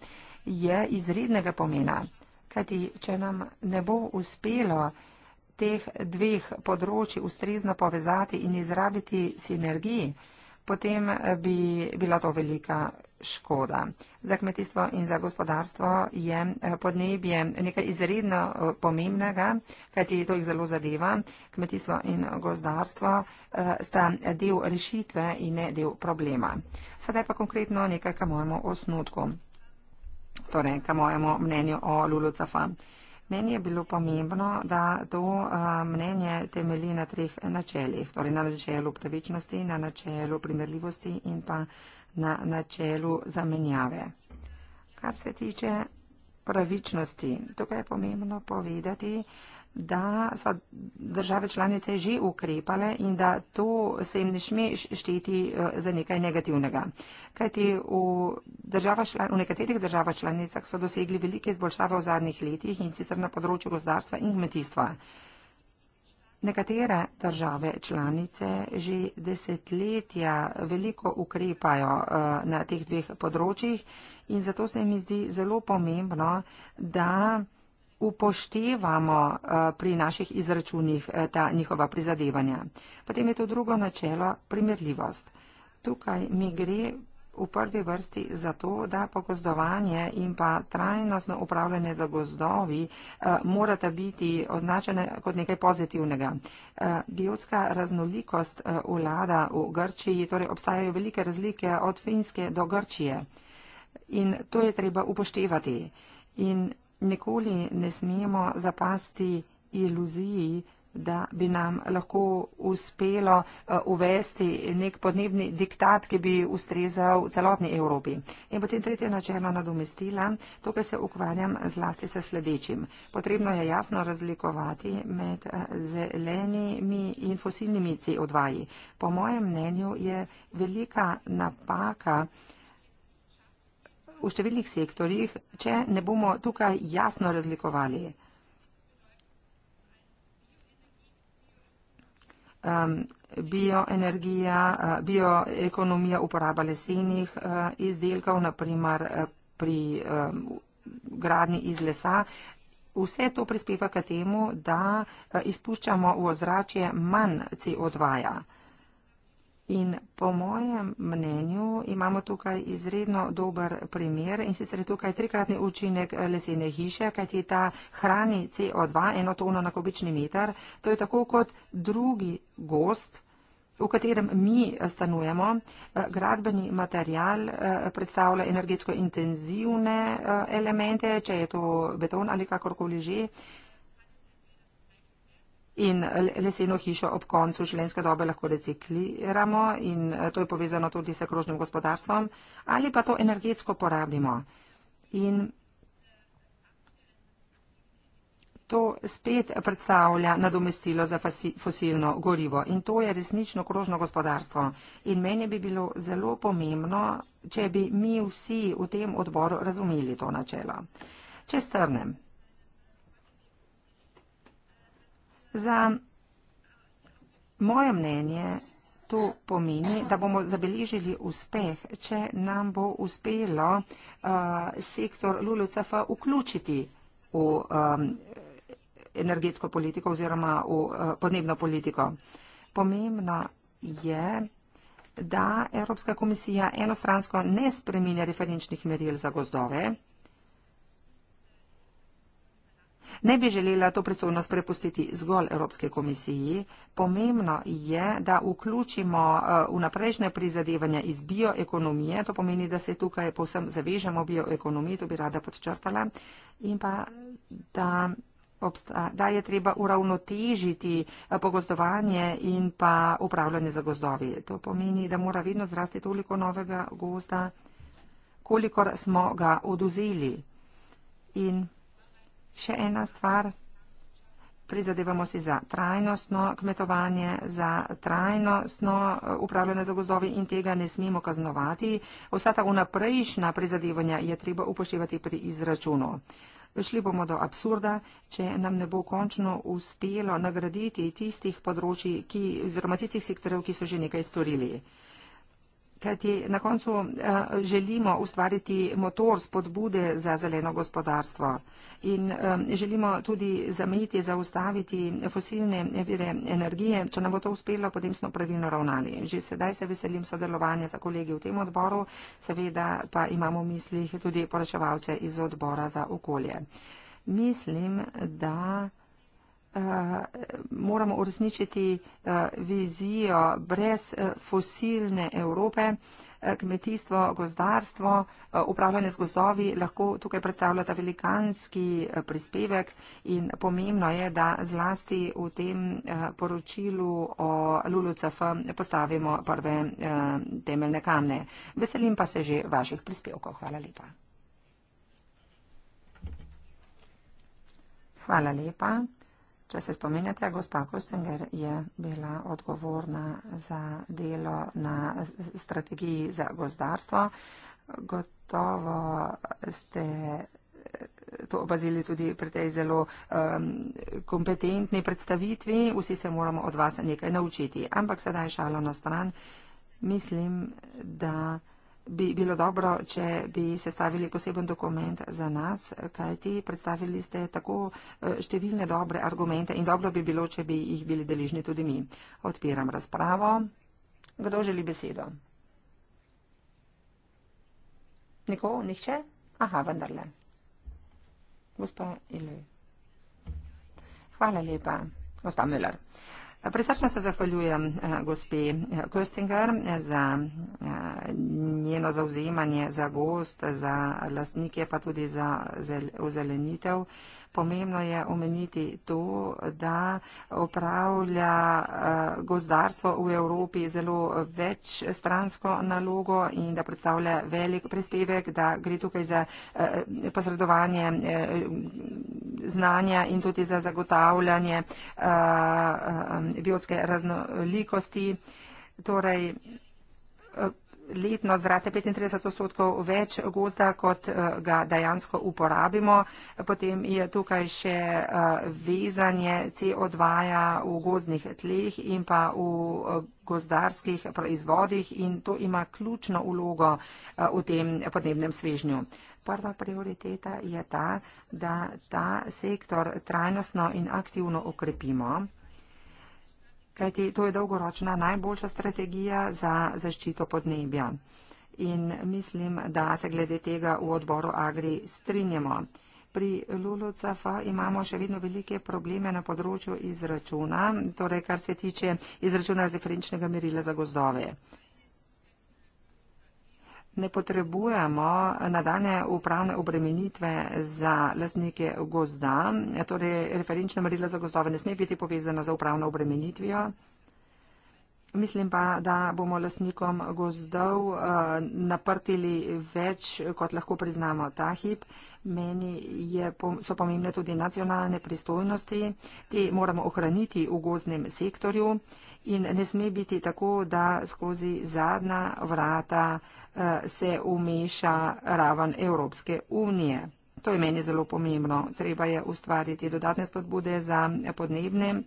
je izrednega pomena, kajti če nam ne bo uspelo teh dveh področji ustrezno povezati in izrabiti sinergiji, potem eh, bi bila to velika škoda. Za kmetijstvo in za gospodarstvo je eh, podnebje nekaj izredno eh, pomembnega, kajti to jih zelo zadeva. Kmetijstvo in gozdarstvo sta del rešitve in ne del problema. Sedaj pa konkretno nekaj k mojemu osnutku, torej k mojemu mnenju o Lulucafa. Meni je bilo pomembno, da to eh, mnenje temelji na treh načeljih, torej na načelu pravičnosti, na načelu primerljivosti in pa na načelu zamenjave. Kar se tiče pravičnosti, tukaj je pomembno povedati, da so države članice že ukrepale in da to se jim ne šme šteti eh, za nekaj negativnega. Kajti v, država, v nekaterih državah članicah so dosegli velike izboljšave v zadnjih letih in sicer na področju gozdarstva in kmetijstva. Nekatere države članice že desetletja veliko ukrepajo eh, na teh dveh področjih in zato se mi zdi zelo pomembno, da upoštevamo eh, pri naših izračunih eh, ta njihova prizadevanja. Potem je to drugo načelo, primerljivost. Tukaj mi gre v prvi vrsti za to, da pogozdovanje in pa trajnostno upravljanje za gozdovi eh, morata biti označene kot nekaj pozitivnega. Biotska raznolikost vlada v Grčiji, torej obstajajo velike razlike od Finske do Grčije. In to je treba upoštevati. In nikoli ne smemo zapasti iluziji, da bi nam lahko uspelo eh, uvesti nek podnebni diktat, ki bi ustrezal celotni Evropi. In potem tretje načelo nadomestila, tukaj se ukvarjam zlasti se sledečim. Potrebno je jasno razlikovati med eh, zelenimi in fosilnimi CO2. Po mojem mnenju je velika napaka, v številnih sektorjih, če ne bomo tukaj jasno razlikovali. Um, bioenergija, uh, bioekonomija uporaba lesenih uh, izdelkov, naprimer pri um, gradni iz lesa. Vse to prispeva k temu, da uh, izpuščamo v ozračje manj CO2. -ja. In po mojem mnenju imamo tukaj izredno dober primer in sicer je tukaj trikratni učinek lesene hiše, kajti ta hrani CO2 eno tono na kubični meter. To je tako kot drugi gost v katerem mi stanujemo. Gradbeni material eh, predstavlja energetsko intenzivne eh, elemente, če je to beton ali kakorkoli že in leseno hišo ob koncu življenjske dobe lahko recikliramo in eh, to je povezano tudi s krožnim gospodarstvom ali pa to energetsko porabimo. In To spet predstavlja nadomestilo za fosilno gorivo in to je resnično krožno gospodarstvo. In meni bi bilo zelo pomembno, če bi mi vsi v tem odboru razumeli to načelo. Če strnem, Za moje mnenje to pomeni, da bomo zabeležili uspeh, če nam bo uspelo uh, sektor LULUCF vključiti v um, energetsko politiko oziroma v uh, podnebno politiko. Pomembno je, da Evropska komisija enostransko ne spreminja referenčnih meril za gozdove Ne bi želela to predstavnost prepustiti zgolj Evropske komisiji. Pomembno je, da vključimo eh, v naprejšnje prizadevanja iz bioekonomije. To pomeni, da se tukaj povsem zavežemo bioekonomiji, to bi rada podčrtala. In pa, da, obsta, da je treba uravnotežiti eh, pogozdovanje in pa upravljanje za gozdovi. To pomeni, da mora vedno zrasti toliko novega gozda, kolikor smo ga oduzeli. In Še ena stvar. Prizadevamo si za trajnostno kmetovanje, za trajnostno eh, upravljanje za gozdovi in tega ne smemo kaznovati. Vsa ta unaprejšnja prizadevanja je treba upoštevati pri izračunu. Šli bomo do absurda, če nam ne bo končno uspelo nagraditi tistih področji, ki, oziroma tistih sektorjev, ki so že nekaj storili kajti na koncu eh, želimo ustvariti motor spodbude za zeleno gospodarstvo in eh, želimo tudi zamejiti, zaustaviti fosilne vire energije. Če nam bo to uspelo, potem smo pravilno ravnali. Že sedaj se veselim sodelovanja za kolegi v tem odboru, seveda pa imamo v mislih tudi poročevalce iz odbora za okolje. Mislim, da Eh, moramo uresničiti eh, vizijo brez eh, fosilne Evrope. Kmetijstvo, gozdarstvo, upravljanje z gozdovi lahko tukaj predstavljata velikanski prispevek in pomembno je, da zlasti v tem poročilu o LULUCF postavimo prve temeljne kamne. Veselim pa se že vaših prispevkov. Hvala lepa. Hvala lepa. Če se spomenete, gospa Kostenger je bila odgovorna za delo na strategiji za gozdarstvo. Gotovo ste to opazili tudi pri tej zelo um, kompetentni predstavitvi. Vsi se moramo od vas nekaj naučiti. Ampak sedaj šalo na stran. Mislim, da bi bilo dobro, če bi sestavili poseben dokument za nas, kajti predstavili ste tako eh, številne dobre argumente in dobro bi bilo, če bi jih bili deližni tudi mi. Odpiram razpravo. Kdo želi besedo? Niko? Nihče? Aha, vendarle. Gospa Ilu. Hvala lepa, gospa Müller. Uh, Presrčno se zahvaljujem eh, gospe eh, Köstinger eh, za njeno zauzemanje za gost, za lastnike, pa tudi za ozelenitev pomembno je omeniti to, da upravlja eh, gozdarstvo v Evropi zelo večstransko nalogo in da predstavlja velik prispevek, da gre tukaj za eh, posredovanje eh, znanja in tudi za zagotavljanje biotske raznolikosti. Torej, letno zraste 35 odstotkov več gozda, kot eh, ga dejansko uporabimo. Potem je tukaj še eh, vezanje CO2 v gozdnih tleh in pa v eh, gozdarskih proizvodih in to ima ključno ulogo v tem podnebnem svežnju. Prva prioriteta je ta, da ta sektor trajnostno in aktivno okrepimo kajti to je dolgoročna najboljša strategija za zaščito podnebja. In mislim, da se glede tega v odboru Agri strinjamo. Pri LULUCF imamo še vedno velike probleme na področju izračuna, torej kar se tiče izračuna referenčnega merila za gozdove ne potrebujemo nadaljne upravne obremenitve za lasnike gozda, torej referenčna merila za gozdove ne sme biti povezana za upravno obremenitvijo. Mislim pa, da bomo lasnikom gozdov uh, naprtili več, kot lahko priznamo ta hip. Meni je, so pomembne tudi nacionalne pristojnosti, te moramo ohraniti v gozdnem sektorju. Uh, in ne sme biti tako, da skozi zadnja vrata eh, se umeša raven Evropske unije. To je meni zelo pomembno. Treba je ustvariti dodatne spodbude za podnebne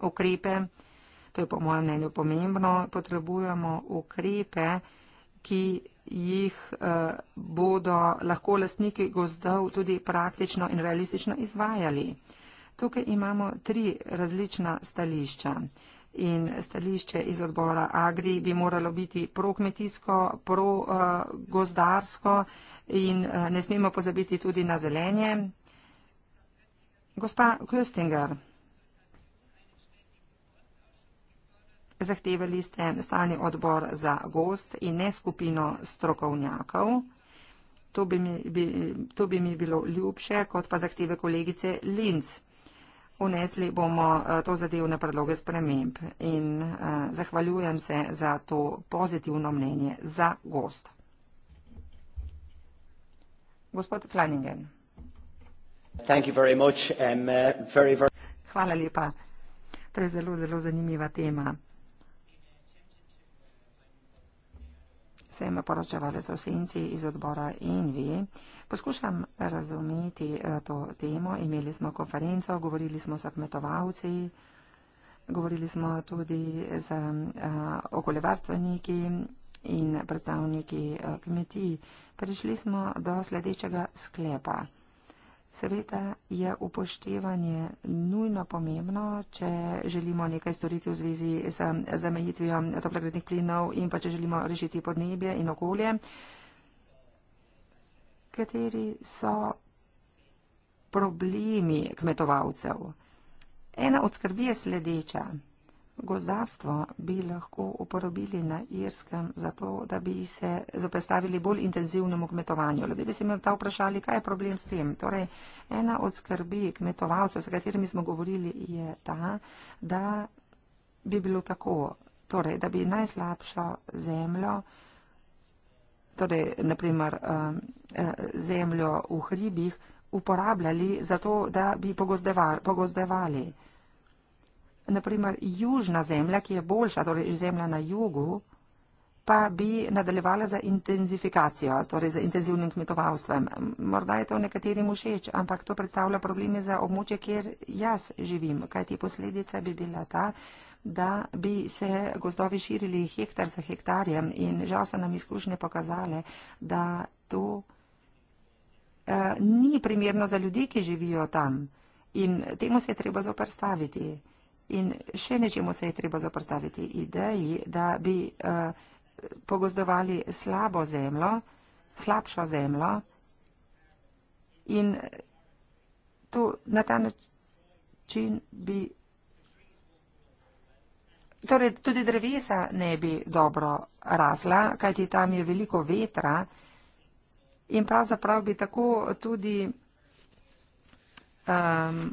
ukrepe. To je po mojem mnenju pomembno. Potrebujemo ukrepe, ki jih eh, bodo lahko lastniki gozdov tudi praktično in realistično izvajali. Tukaj imamo tri različna stališča in stališče iz odbora Agri bi moralo biti prokmetijsko, progozdarsko in eh, ne smemo pozabiti tudi na zelenje. Gospa Köstinger, zahtevali ste stalni odbor za gost in ne skupino strokovnjakov. To bi mi, bi, to bi mi bilo ljubše kot pa zahteve kolegice Linz unesli bomo eh, to zadev na predloge sprememb in eh, zahvaljujem se za to pozitivno mnenje za gost. Gospod Flaningen.
Um, uh,
Hvala lepa. To je zelo, zelo zanimiva tema. sem poročevalec o senci iz odbora Envi. Poskušam razumeti eh, to temo. Imeli smo konferenco, govorili smo s kmetovalci, govorili smo tudi z eh, okoljevarstveniki in predstavniki eh, kmetij. Prišli smo do sledečega sklepa. Seveda je upoštevanje nujno pomembno, če želimo nekaj storiti v zvezi z zamejitvijo toplogrednih plinov in pa če želimo rešiti podnebje in okolje, kateri so problemi kmetovalcev. Ena od skrbi je sledeča gozdarstvo bi lahko uporabili na Irskem za to, da bi se zapestavili bolj intenzivnemu kmetovanju. Ljudje bi se mi ta vprašali, kaj je problem s tem. Torej, ena od skrbi kmetovalcev, s katerimi smo govorili, je ta, da bi bilo tako, torej, da bi najslabšo zemljo, torej, naprimer, um, eh, zemljo v hribih, uporabljali za to, da bi pogozdevali. pogozdevali naprimer južna zemlja, ki je boljša, torej zemlja na jugu, pa bi nadaljevala za intenzifikacijo, torej za intenzivnim kmetovalstvom. Morda je to nekaterim všeč, ampak to predstavlja probleme za območje, kjer jaz živim, kajti posledica bi bila ta, da bi se gozdovi širili hektar za hektarjem in žal so nam izkušnje pokazale, da to eh, ni primerno za ljudi, ki živijo tam. In temu se je treba zoprstaviti. In še nečemu se je treba zaprstaviti ideji, da bi uh, pogozdovali slabo zemljo, slabšo zemljo in to na ta način bi. Torej, tudi drevesa ne bi dobro rasla, kajti tam je veliko vetra in pravzaprav bi tako tudi. Um,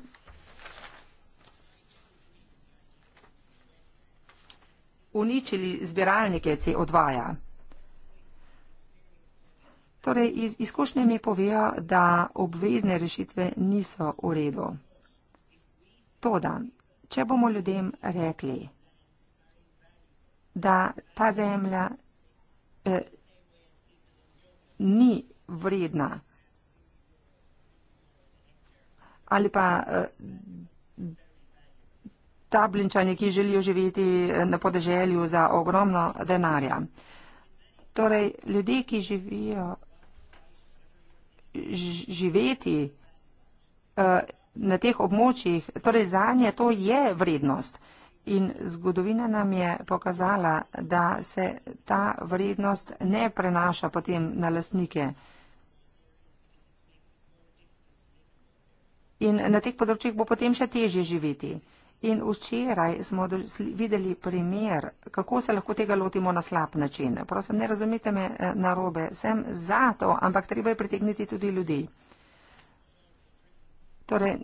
uničili zbiralnike CO2. -ja. Torej, iz izkušnje mi poveja, da obvezne rešitve niso v redu. Toda, če bomo ljudem rekli, da ta zemlja eh, ni vredna ali pa eh, tablinčani, ki želijo živeti eh, na podeželju za ogromno denarja. Torej, ljudje, ki živijo živeti eh, na teh območjih, torej za nje to je vrednost. In zgodovina nam je pokazala, da se ta vrednost ne prenaša potem na lasnike. In na teh področjih bo potem še težje živeti. In včeraj smo videli primer, kako se lahko tega lotimo na slab način. Prosim, ne razumite me eh, narobe, sem za to, ampak treba je pritegniti tudi ljudi. Torej,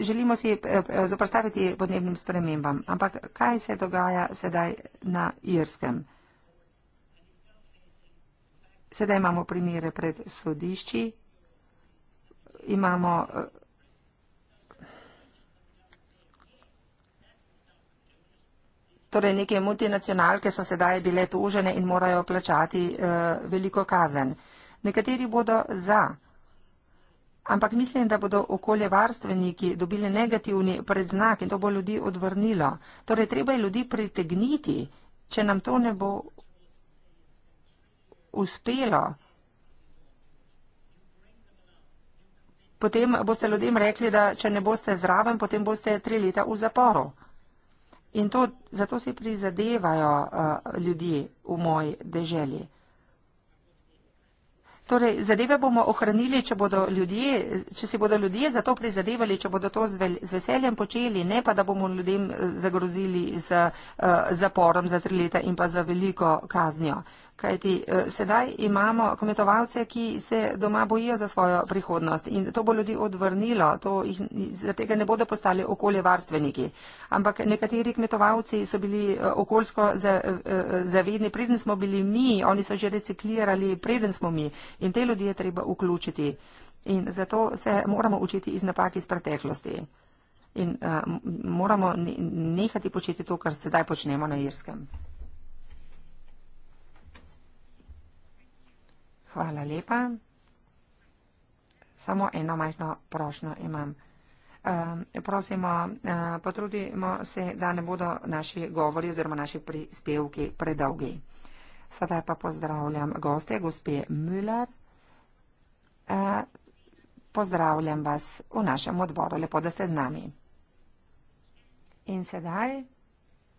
želimo si eh, eh, zoprstaviti podnebnim spremembam, ampak kaj se dogaja sedaj na Irskem? Sedaj imamo primere pred sodišči, imamo. Torej, neke multinacionalke so sedaj bile tožene in morajo plačati uh, veliko kazen. Nekateri bodo za, ampak mislim, da bodo okoljevarstveniki dobili negativni predznak in to bo ljudi odvrnilo. Torej, treba je ljudi pritegniti, če nam to ne bo uspelo. potem boste ljudem rekli, da če ne boste zraven, potem boste tri leta v zaporu. In to, zato si prizadevajo uh, ljudje v moji deželi. Torej, zadeve bomo ohranili, če, ljudje, če si bodo ljudje za to prizadevali, če bodo to z veseljem počeli, ne pa, da bomo ljudem eh, zagrozili z uh, zaporom za tri leta in pa za veliko kaznjo kajti eh, sedaj imamo kmetovalce, ki se doma bojijo za svojo prihodnost in to bo ljudi odvrnilo, jih, zatega ne bodo postali okoljevarstveniki. Ampak nekateri kmetovalci so bili eh, okoljsko eh, zavedni, preden smo bili mi, oni so že reciklirali, preden smo mi in te ljudi je treba vključiti. In zato se moramo učiti iz napak iz preteklosti. In uh, moramo nehati početi to, kar sedaj počnemo na Irskem. Hvala lepa. Samo eno majhno prošnjo imam. Uh, prosimo, uh, potrudimo se, da ne bodo naši govori oziroma naši prispevki predolgi. Sedaj pa pozdravljam goste, gospe Müller. Uh, pozdravljam vas v našem odboru, lepo, da ste z nami. In sedaj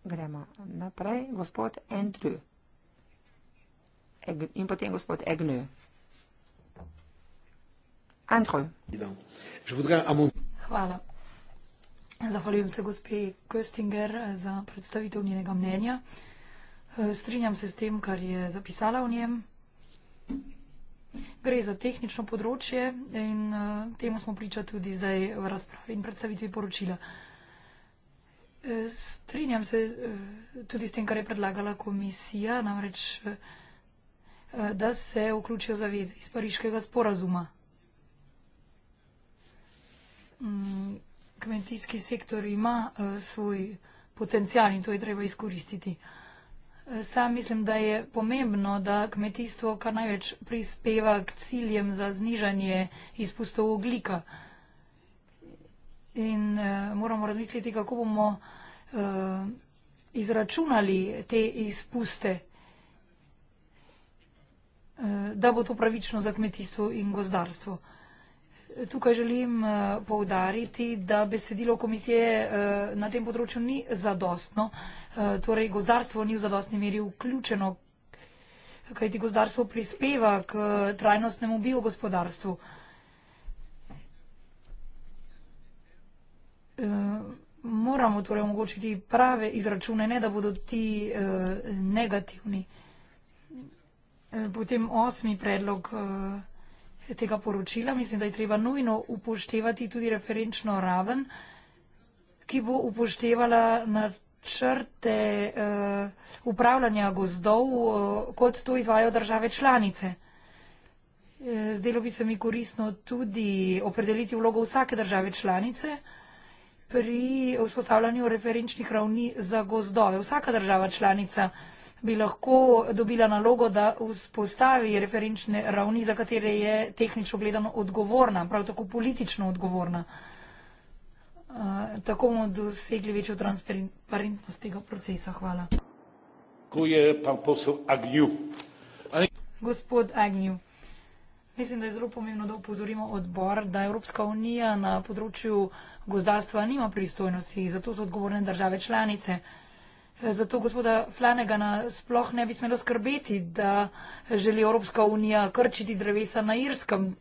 gremo naprej, gospod Andrew in potem gospod Egnu. Andrew. Hvala.
Zahvaljujem se gospe Köstinger eh, za predstavitev njenega mnenja. Eh, strinjam se s tem, kar je zapisala v njem. Gre za tehnično področje in eh, temu smo priča tudi zdaj v razpravi in predstavitvi poročila. Strinjam se tudi s tem, kar je predlagala komisija, namreč Eh, da se vključijo zaveze iz pariškega sporazuma. Mm, kmetijski sektor ima eh, svoj potencial in to je treba izkoristiti. Eh, sam mislim, da je pomembno, da kmetijstvo kar največ prispeva k ciljem za znižanje izpustov oglika. In moramo razmisliti, kako bomo izračunali te izpuste. Eh, da bo to pravično za kmetijstvo in gozdarstvo. Eh, tukaj želim eh, poudariti, da besedilo komisije na tem področju ni zadostno, torej gozdarstvo ni v zadostni meri vključeno, kajti gozdarstvo prispeva k trajnostnemu biogospodarstvu. Moramo torej omogočiti prave izračune, ne da bodo ti negativni. Eh, potem osmi predlog eh, tega poročila, mislim, da je treba nujno upoštevati tudi referenčno raven, ki bo upoštevala načrte eh, upravljanja gozdov, kot to izvajo države članice. Zdelo bi se mi koristno tudi opredeliti vlogo vsake države članice pri vzpostavljanju referenčnih ravni za gozdove. Vsaka država članica bi lahko dobila nalogo, da vzpostavi referenčne ravni, za katere je tehnično gledano odgovorna, prav tako politično odgovorna. Tako bomo dosegli večjo transparentnost tega procesa. Hvala. Gospod Agnew, mislim, da je zelo pomembno, da upozorimo odbor, da Evropska unija na področju gozdarstva nima pristojnosti, zato so odgovorne države članice. Zato gospoda Flanagana sploh ne bi smelo skrbeti, da želi Evropska unija krčiti drevesa na Irskem.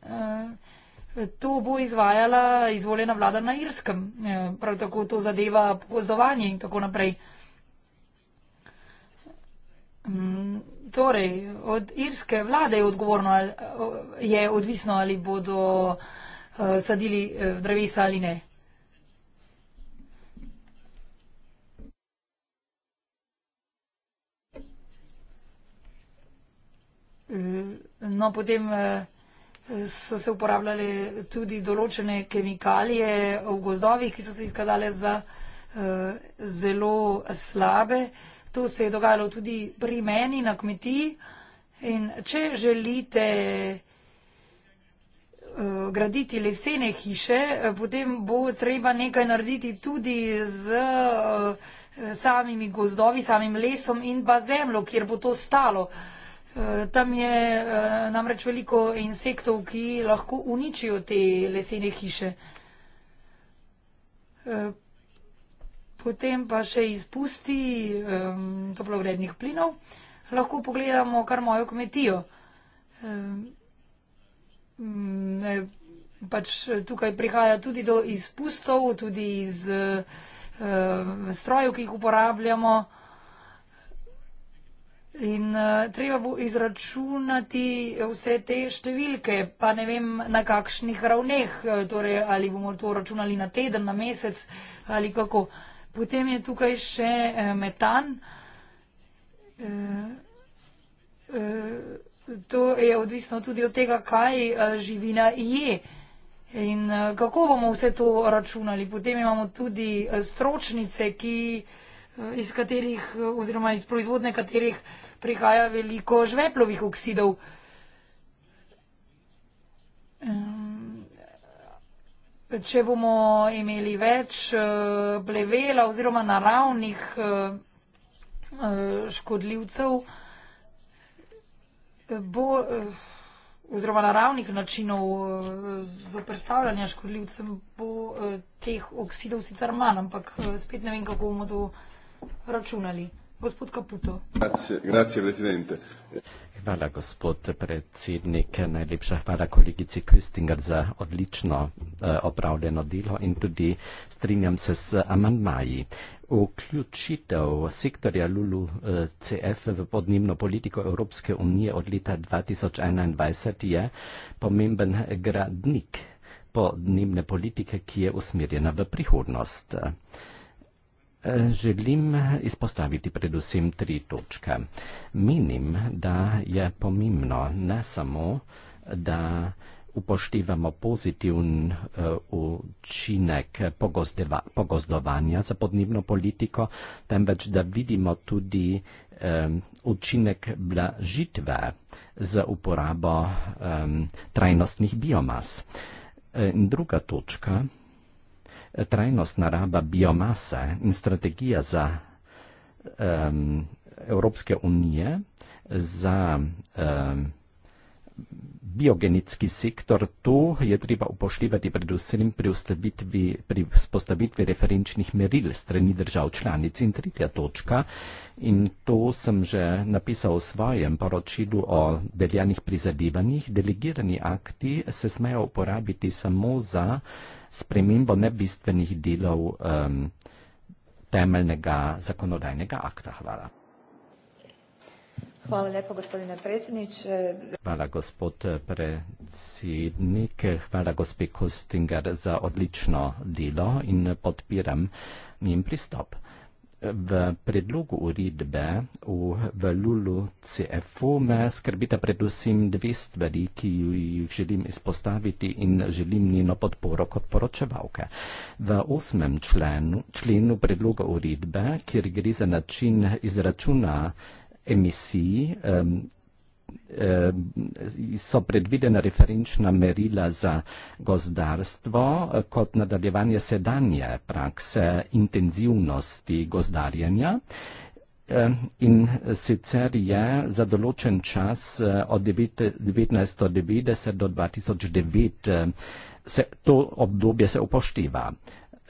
Eh, to bo izvajala izvoljena vlada na Irskem. Eh, prav tako to zadeva gozdovanje in tako naprej. Mm, torej, od irske vlade je odgovorno, eh, je odvisno, ali bodo sadili drevesa ali ne. Eh, no, potem eh, so se uporabljale tudi določene kemikalije v gozdovih, ki so se izkazale za eh, zelo slabe. To se je dogajalo tudi pri meni na kmetiji. In če želite graditi lesene hiše, potem bo treba nekaj narediti tudi z samimi gozdovi, samim lesom in pa zemljo, kjer bo to stalo. Eh, tam je eh, namreč veliko insektov, ki lahko uničijo te lesene hiše. Eh, potem pa še izpusti toplogrednih plinov. Lahko pogledamo kar mojo kmetijo. Mm, pač tukaj prihaja tudi do izpustov, tudi iz strojev, ki jih uporabljamo. In uh, treba bo izračunati vse te številke, pa ne vem na kakšnih ravneh, eh, torej ali bomo to računali na teden, na mesec ali kako. Potem je tukaj še uh, metan. Uh, Uh, to je odvisno tudi od tega, kaj uh, živina je in uh, kako bomo vse to računali. Potem imamo tudi uh, stročnice, ki, uh, iz katerih uh, oziroma iz proizvodne katerih uh, prihaja veliko žveplovih oksidov. Če bomo imeli več eh, plevela oziroma naravnih eh, eh, škodljivcev, bo, oziroma naravnih načinov zoprstavljanja škodljivcem, bo teh oksidov sicer manj, ampak spet ne vem, kako bomo to računali. Gospod Kaputo.
Grazie, grazie presidente. Hvala, gospod predsednik. Najlepša hvala kolegici Küstinger za odlično uh, opravljeno delo in tudi strinjam se s amandmaji. Vključitev sektorja Lulu eh, CF v podnebno politiko Evropske unije od leta 2021 je pomemben gradnik podnebne politike, ki je usmerjena v prihodnost. Uh, Želim izpostaviti predvsem tri točke. Menim, da je pomembno ne samo, da upoštevamo pozitiven eh, učinek pogozdovanja za podnebno politiko, temveč da vidimo tudi eh, učinek blažitve za uporabo eh, trajnostnih biomas. Druga točka trajnostna raba biomase in strategija za um, Evropske unije za um, biogenetski sektor, to je treba upoštevati predvsem pri, pri spostavitvi referenčnih meril strani držav članic. In tretja točka, in to sem že napisal v svojem poročilu o deljanih prizadevanjih, delegirani akti se smejo uporabiti samo za spremembo nebistvenih delov um, temeljnega zakonodajnega akta. Hvala.
Hvala lijepo gospodine predsjedniče.
Hvala gospod predsjednik, hvala gospi Kostinger za odlično delo in podpiram njim pristop. V predlogu uredbe v, v Lulu CFO me skrbita predvsem dve stvari, ki jih želim izpostaviti in želim njeno podporo kot poročevalke. V osmem členu, členu predloga uredbe, kjer gre za način izračuna emisij. Um, so predvidena referenčna merila za gozdarstvo eh, kot nadaljevanje sedanje prakse intenzivnosti gozdarjenja in sicer je za določen čas eh, od 1990 do 2009 se, to obdobje se upošteva.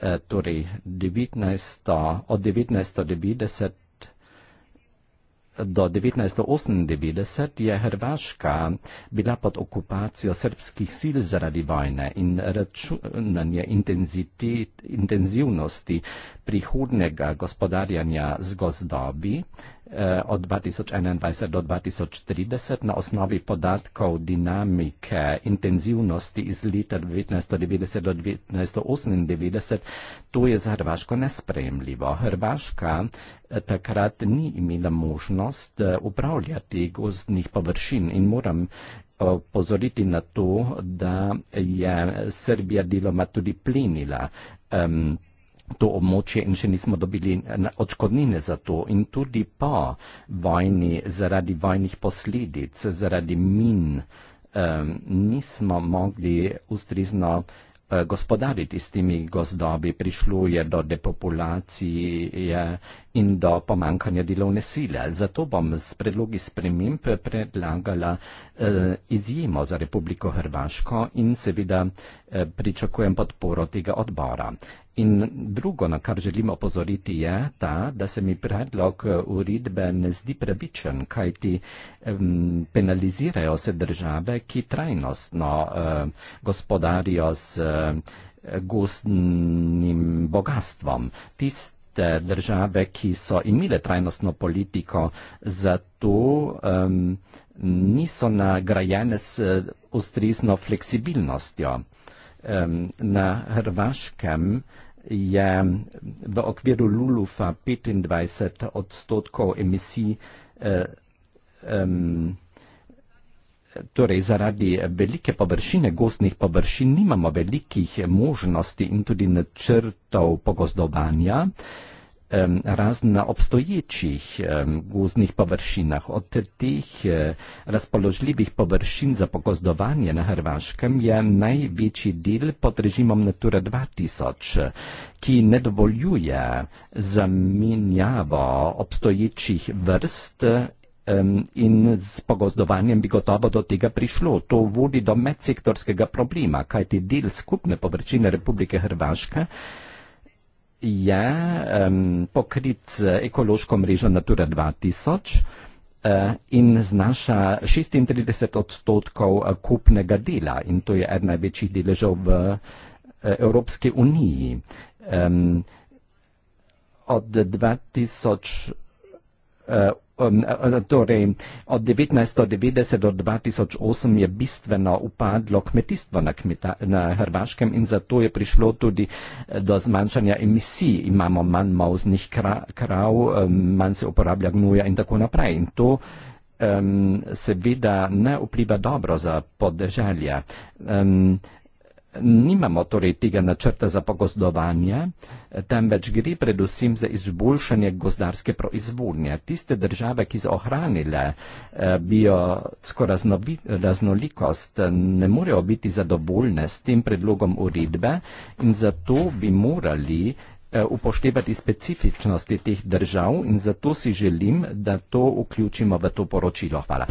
Eh, torej 19, od 1990 Do 1998 je Hrvaška bila pod okupacijo srpskih sil zaradi vojne in računanje intenzivnosti prihodnega gospodarjanja z gozdobi Eh, od 2021 do 2030 na osnovi podatkov dinamike intenzivnosti iz leta 1990 do 1998, to je za Hrvaško nespremljivo. Hrvaška eh, takrat ni imela možnost eh, upravljati gozdnih površin in moram pozoriti na to, da je Srbija deloma tudi plenila um, to območje in še nismo dobili eh, odškodnine za to. In tudi pa vojni, zaradi vojnih posledic, zaradi min, um, nismo mogli ustrezno eh, gospodariti s temi gozdobi, prišlo je do depopulacije in do pomankanja delovne sile. Zato bom s predlogi sprememb predlagala eh, izjemo za Republiko Hrvaško in seveda eh, pričakujem podporo tega odbora. In drugo, na kar želim opozoriti, je ta, da se mi predlog eh, uredbe ne zdi pravičen, kajti um, penalizirajo se države, ki trajnostno uh, gospodarijo s uh, eh, gostnim bogatstvom. Tist Eh, države, ki so imele trajnostno politiko, zato um, niso nagrajene s eh, ustrezno fleksibilnostjo. Um, na Hrvaškem je v okviru Lulufa 25 odstotkov emisij uh, um, Torej, zaradi velike površine, gostnih površin, nimamo velikih možnosti in tudi načrtov pogozdovanja razen na obstoječih gozdnih površinah. Od teh eh, razpoložljivih površin za pogozdovanje na Hrvaškem je največji del pod režimom Natura 2000, ki ne dovoljuje zamenjavo obstoječih vrst In s pogozdovanjem bi gotovo do tega prišlo. To vodi do medsektorskega problema, kajti del skupne površine Republike Hrvaške je um, pokrit ekološko mrežo Natura 2000 e, in znaša 36 odstotkov e, kupnega dela in to je ena največjih deležev v e, Evropski uniji. Um, od 2000. Eh, eh, torej od 1990 do 2008 je bistveno upadlo kmetijstvo na, kmeta, na Hrvaškem in zato je prišlo tudi eh, do zmanjšanja emisij. Imamo manj mavznih krav, manj se uporablja gnuja in tako naprej. In to um, seveda ne vpliva dobro za podeželje. Um, Nimamo torej tega načrta za pogozdovanje, temveč gre predvsem za izboljšanje gozdarske proizvodnje. Tiste države, ki so ohranile eh, biotsko raznolikost, ne morejo biti zadovoljne s tem predlogom uredbe in zato bi morali eh, upoštevati specifičnosti teh držav in zato si želim, da to vključimo v to poročilo. Hvala.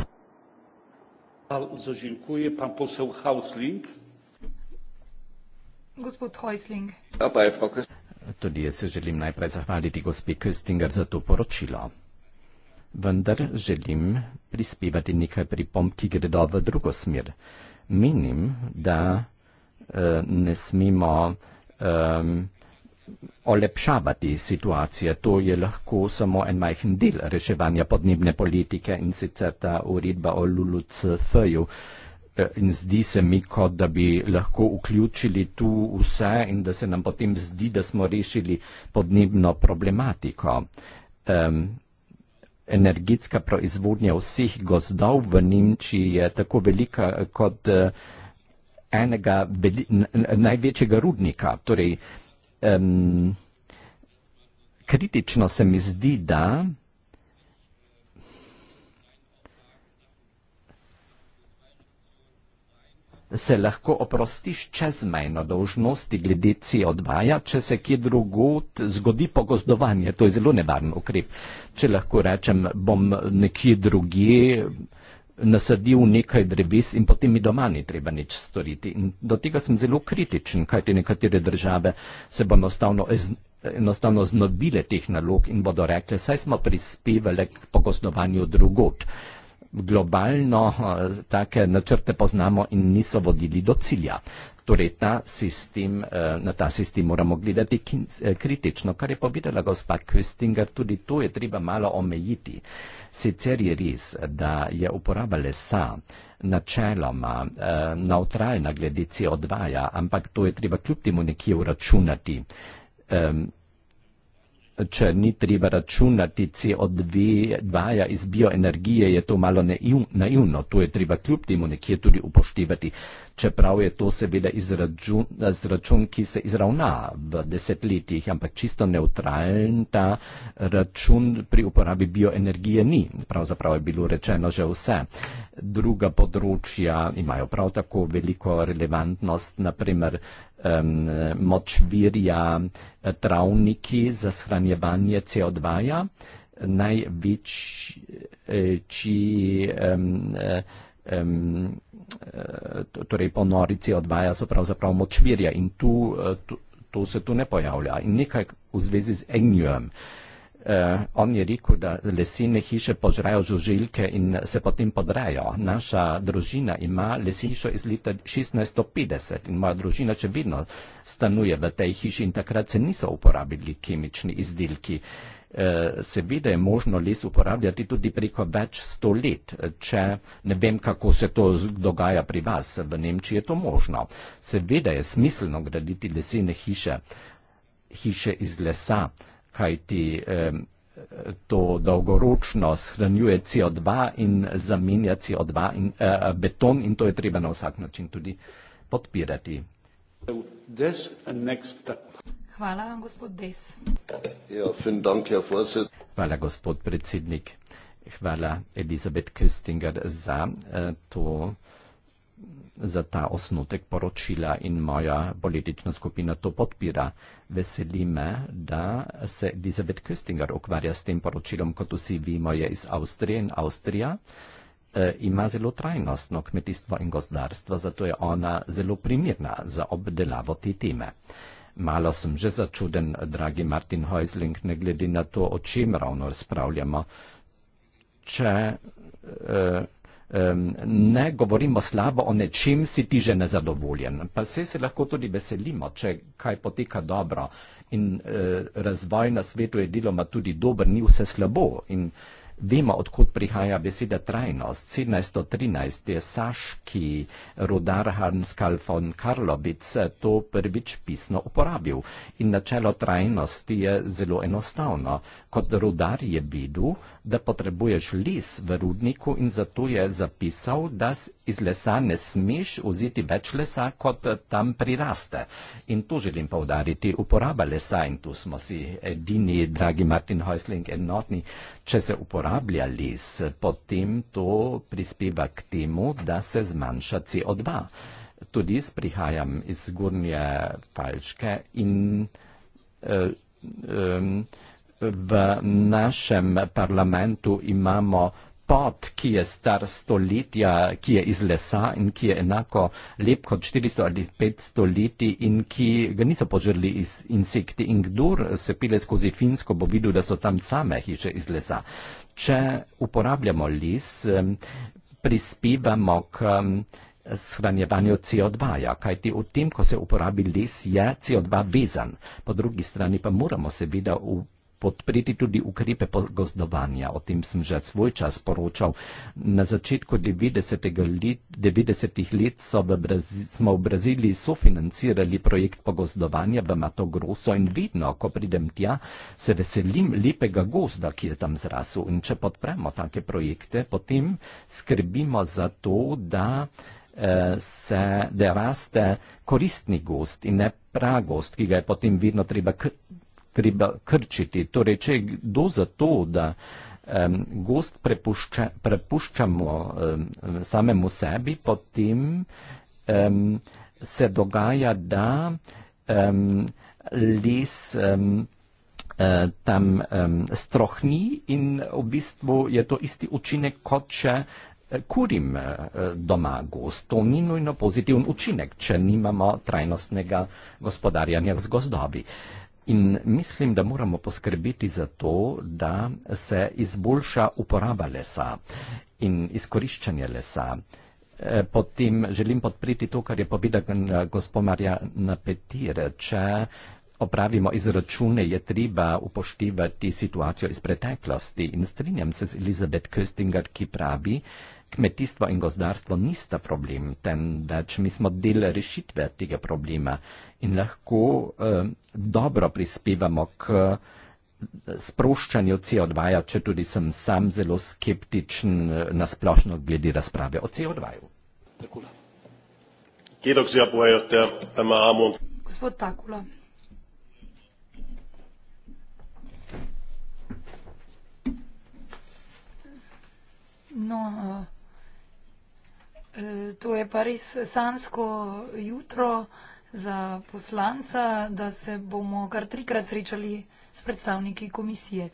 Hvala.
Gospod Hojsling.
Ja, Tudi jaz se želim najprej zahvaliti gospi Köstinger za to poročilo. Vendar želim prispevati nekaj pripomb, ki gredo v drugo smer. Menim, da eh, ne smemo eh, olepšavati situacije. To je lahko samo en majhen del reševanja podnebne politike in sicer ta uredba o LULUCF-ju. Eh, in zdi se mi, kot da bi lahko vključili tu vse in da se nam potem zdi, da smo rešili podnebno problematiko. Um, energetska proizvodnja vseh gozdov v Nemčiji je tako velika kot eh, enega veli, največjega rudnika. Torej, um, kritično se mi zdi, da se lahko oprostiš čezmejno dolžnosti glede CO2, ja, če se kje drugot zgodi pogozdovanje. To je zelo nevaren ukrep. Če lahko rečem, bom nekje drugje nasadil nekaj dreves in potem mi doma ni treba nič storiti. In do tega sem zelo kritičen, kajti nekatere države se bo enostavno, enostavno znobile teh nalog in bodo rekle, saj smo prispevali k pogozdovanju drugot globalno eh, take načrte poznamo in niso vodili do cilja. Torej ta sistem, eh, na ta sistem moramo gledati eh, kritično, kar je povedala gospa Köstinger, tudi to je treba malo omejiti. Sicer je res, da je uporaba lesa načeloma neutralna glede CO2, ja, ampak to je treba kljub temu nekje uračunati če ni treba računati CO2 iz bioenergije, je to malo naivno. To je treba kljub temu nekje tudi upoštevati. Čeprav je to seveda izračun, ki se izravna v desetletjih, ampak čisto neutralen ta račun pri uporabi bioenergije ni. Pravzaprav je bilo rečeno že vse. Druga področja imajo prav tako veliko relevantnost, naprimer močvirja eh, travniki za shranjevanje CO2-ja. Največji eh, eh, torej ponori CO2-ja so pravzaprav močvirja in tu, to, to se tu ne pojavlja. In nekaj v zvezi z Engjujem. Uh, Uh, on je rekel, da lesene hiše požrajo žuželke in se potem podrajo. Naša družina ima lesišo iz leta 1650 in moja družina še vedno stanuje v tej hiši in takrat se niso uporabili kemični izdelki. Eh, seveda je možno les uporabljati tudi preko več sto let, če ne vem, kako se to dogaja pri vas. V Nemčiji je to možno. Seveda je smiselno graditi lesene hiše, hiše iz lesa. Uh, kajti to dolgoročno shranjuje CO2 in zamenja CO2 in eh, beton in to je treba na vsak način tudi podpirati.
Hvala, gospod Des.
Ja, dank, Hvala, gospod predsednik. Hvala, Elizabet Köstinger, za eh, to za ta osnutek poročila in moja politična skupina to podpira. Veseli me, da se Elizabeth Köstinger ukvarja s tem poročilom, kot vsi vemo, je iz Avstrije in Avstrija e, ima zelo trajnostno kmetijstvo in gozdarstvo, zato je ona zelo primirna za obdelavo te teme. Malo sem že začuden, dragi Martin Heusling, ne glede na to, o čem ravno razpravljamo. Če eh, ne govorimo slabo o nečem, si ti že nezadovoljen. Pa se se lahko tudi veselimo, če kaj poteka dobro in e, razvoj na svetu je deloma tudi dober, ni vse slabo. In Vemo, odkot prihaja beseda trajnost. 1713 je saški rodar Hanskal von Karlovic to prvič pisno uporabil. In načelo trajnosti je zelo enostavno. Kot rodar je videl, da potrebuješ les v rudniku in zato je zapisal, da iz lesa ne smeš vzeti več lesa, kot eh, tam priraste. In to želim povdariti, uporaba lesa in tu smo si edini, dragi Martin Heusling, enotni, če se uporablja les, potem to prispeva k temu, da se zmanjša CO2. Tudi jaz prihajam iz zgornje palčke in uh, um, v našem parlamentu imamo pot, ki je star stoletja, ki je iz lesa in ki je enako lep kot 400 ali 500 leti in ki ga niso požrli iz insekti. In kdor se pile skozi Finsko, bo videl, da so tam same hiše iz lesa. Če uporabljamo les, prispevamo k shranjevanju CO2, -ja, kajti v tem, ko se uporabi les, je CO2 vezan. Po drugi strani pa moramo seveda podpreti tudi ukrepe pogozdovanja. O tem sem že svoj čas poročal. Na začetku 90. let, 90 let v Brazili, smo v Braziliji sofinancirali projekt pogozdovanja v Mato Grosso in vedno, ko pridem tja, se veselim lepega gozda, ki je tam zrasel. In če podpremo take projekte, potem skrbimo za to, da eh, se da raste koristni gost in ne pragost, ki ga je potem vedno treba treba krčiti. Torej, če je kdo za to, da um, gost prepušča, prepuščamo um, samemu sebi, potem um, se dogaja, da um, les um, tam um, strohni in v bistvu je to isti učinek, kot če e, kurim e, doma gost. To ni nujno pozitiven učinek, če nimamo trajnostnega gospodarjanja z gozdovi. Uh, In mislim, da moramo poskrbeti za to, da se izboljša uporaba lesa in izkoriščanje lesa. Eh, potem želim podpreti to, kar je povedala eh, gospodarja Napetir. Če opravimo izračune, je treba upoštevati situacijo iz preteklosti. In strinjam se z Elizabet Köstinger, ki pravi, kmetijstvo in gozdarstvo nista problem, temveč mi smo del rešitve tega problema in lahko eh, dobro prispevamo k eh, sproščanju CO2, ja, če tudi sem sam zelo skeptičen eh, na splošno glede razprave o CO2.
Gospod Takula. No, eh, to je pa res sansko jutro za poslanca, da se bomo kar trikrat srečali s predstavniki komisije.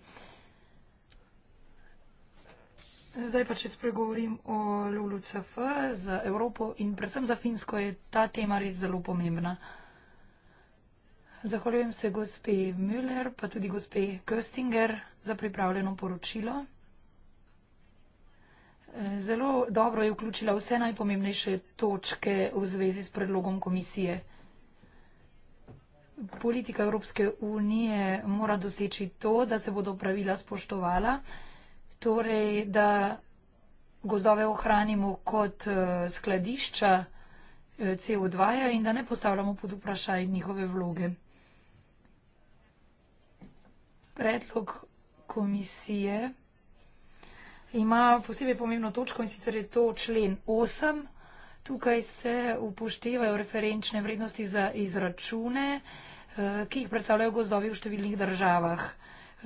Zdaj pa, če spregovorim o LULUCF za Evropo in predvsem za Finsko, je ta tema res zelo pomembna. Zahvaljujem se gospe Müller, pa tudi gospe Köstinger za pripravljeno poročilo. Zelo dobro je vključila vse najpomembnejše točke v zvezi s predlogom komisije politika Evropske unije mora doseči to, da se bodo pravila spoštovala, torej da gozdove ohranimo kot eh, skladišča eh, CO2 -ja in da ne postavljamo pod vprašaj njihove vloge. Predlog komisije ima posebej pomembno točko in sicer je to člen 8. Tukaj se upoštevajo referenčne vrednosti za izračune, ki jih predstavljajo gozdovi v številnih državah.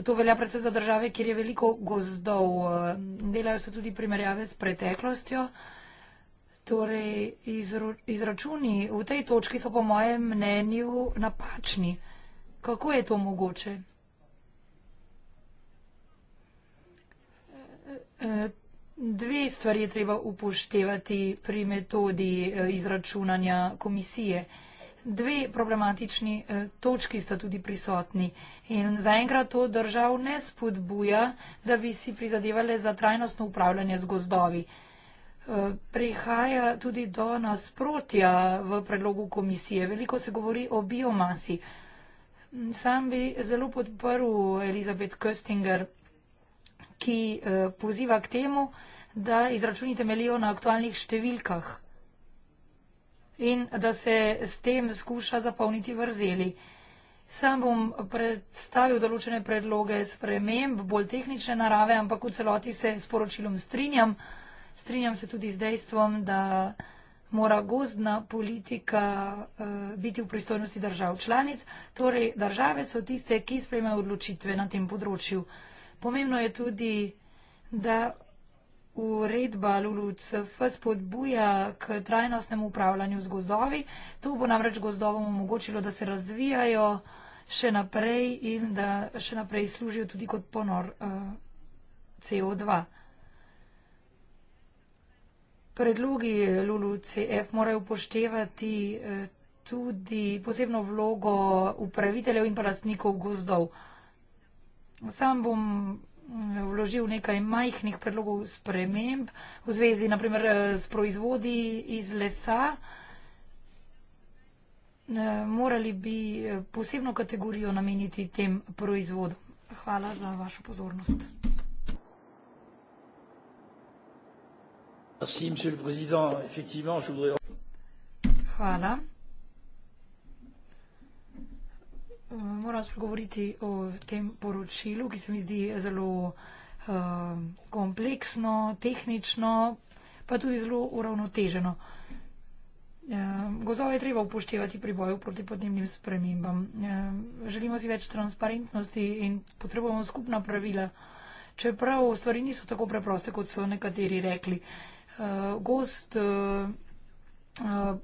To velja predvsem za države, kjer je veliko gozdov. Delajo se tudi primerjave s preteklostjo. Torej, izru, izračuni v tej točki so po mojem mnenju napačni. Kako je to mogoče? E, e, dve stvari je treba upoštevati pri metodi e, izračunanja komisije dve problematični eh, točki sta tudi prisotni. In zaenkrat to držav ne spodbuja, da bi si prizadevali za trajnostno upravljanje z gozdovi. Eh, prihaja tudi do nasprotja v predlogu komisije. Veliko se govori o biomasi. Mm, sam bi zelo podprl Elizabeth Köstinger, ki eh, poziva k temu, da izračuni temelijo na aktualnih številkah in da se s tem skuša zapolniti vrzeli. Sam bom predstavil določene predloge sprememb, bolj tehnične narave, ampak v celoti se s poročilom strinjam. Strinjam se tudi z dejstvom, da mora gozdna politika uh, biti v pristojnosti držav članic, torej države so tiste, ki sprejmejo odločitve na tem področju. Pomembno je tudi, da Uredba LULUCF spodbuja k trajnostnemu upravljanju z gozdovi. To bo namreč gozdovom omogočilo, da se razvijajo še naprej in da še naprej služijo tudi kot ponor eh, CO2. Predlogi LULUCF morajo upoštevati eh, tudi posebno vlogo upraviteljev in pa lastnikov gozdov. Sam bom vložil nekaj majhnih predlogov sprememb v zvezi naprimer s proizvodi iz lesa. Morali bi eh, posebno kategorijo nameniti tem proizvodom. Hvala za vašo pozornost.
Merci, monsieur le Président. Effectivement, je voudrais.
Voilà. Moramo spregovoriti o tem poročilu, ki se mi zdi zelo uh, kompleksno, tehnično, pa tudi zelo uravnoteženo. Uh, eh, gozove je treba upoštevati pri boju proti podnebnim spremembam. Uh, želimo si več transparentnosti in potrebujemo skupna pravila. Čeprav stvari niso tako preproste, kot so nekateri rekli. Uh, gost. Uh, uh,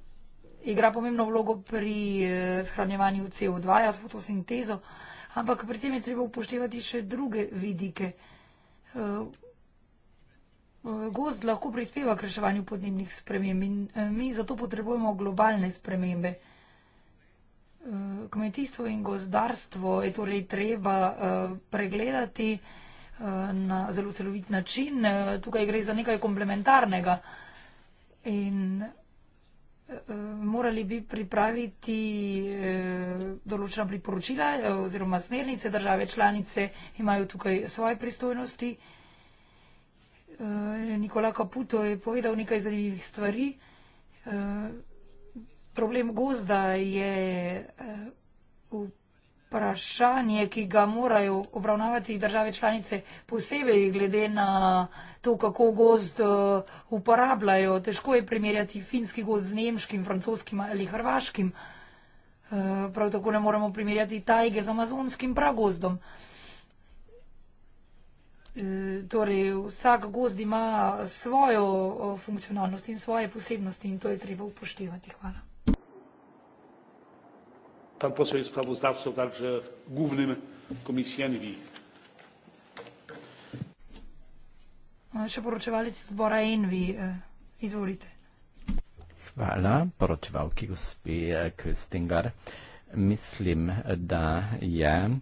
igra pomembno vlogo pri eh, shranjevanju CO2, jaz fotosintezo, ampak pri tem je treba upoštevati še druge vidike. Eh, eh, gozd lahko prispeva k reševanju podnebnih sprememb in mi zato potrebujemo globalne spremembe. Kmetijstvo in gozdarstvo je torej treba pregledati na zelo celovit način. Tukaj gre za nekaj komplementarnega in nekaj, Eh, morali bi pripraviti eh, določena priporočila eh, oziroma smernice. Države članice imajo tukaj svoje pristojnosti. Nikola Caputo je povedal nekaj zanimivih stvari. Problem gozda je v vprašanje, ki ga morajo obravnavati države članice, posebej glede na to, kako gozd eh, uporabljajo. Težko je primerjati finski gozd z nemškim, francoskim ali hrvaškim. Eh, prav tako ne moremo primerjati tajge z amazonskim pragozdom. Eh, torej, vsak gozd ima svojo funkcionalnost in svoje posebnosti in to je treba upoštevati. Hvala
pan poseł jest sprawozdawcą także głównym komisji envi.
E, Še poročevalec zbora Envi, izvolite.
Hvala, poročevalki gospe Kristingar. Mislim, da je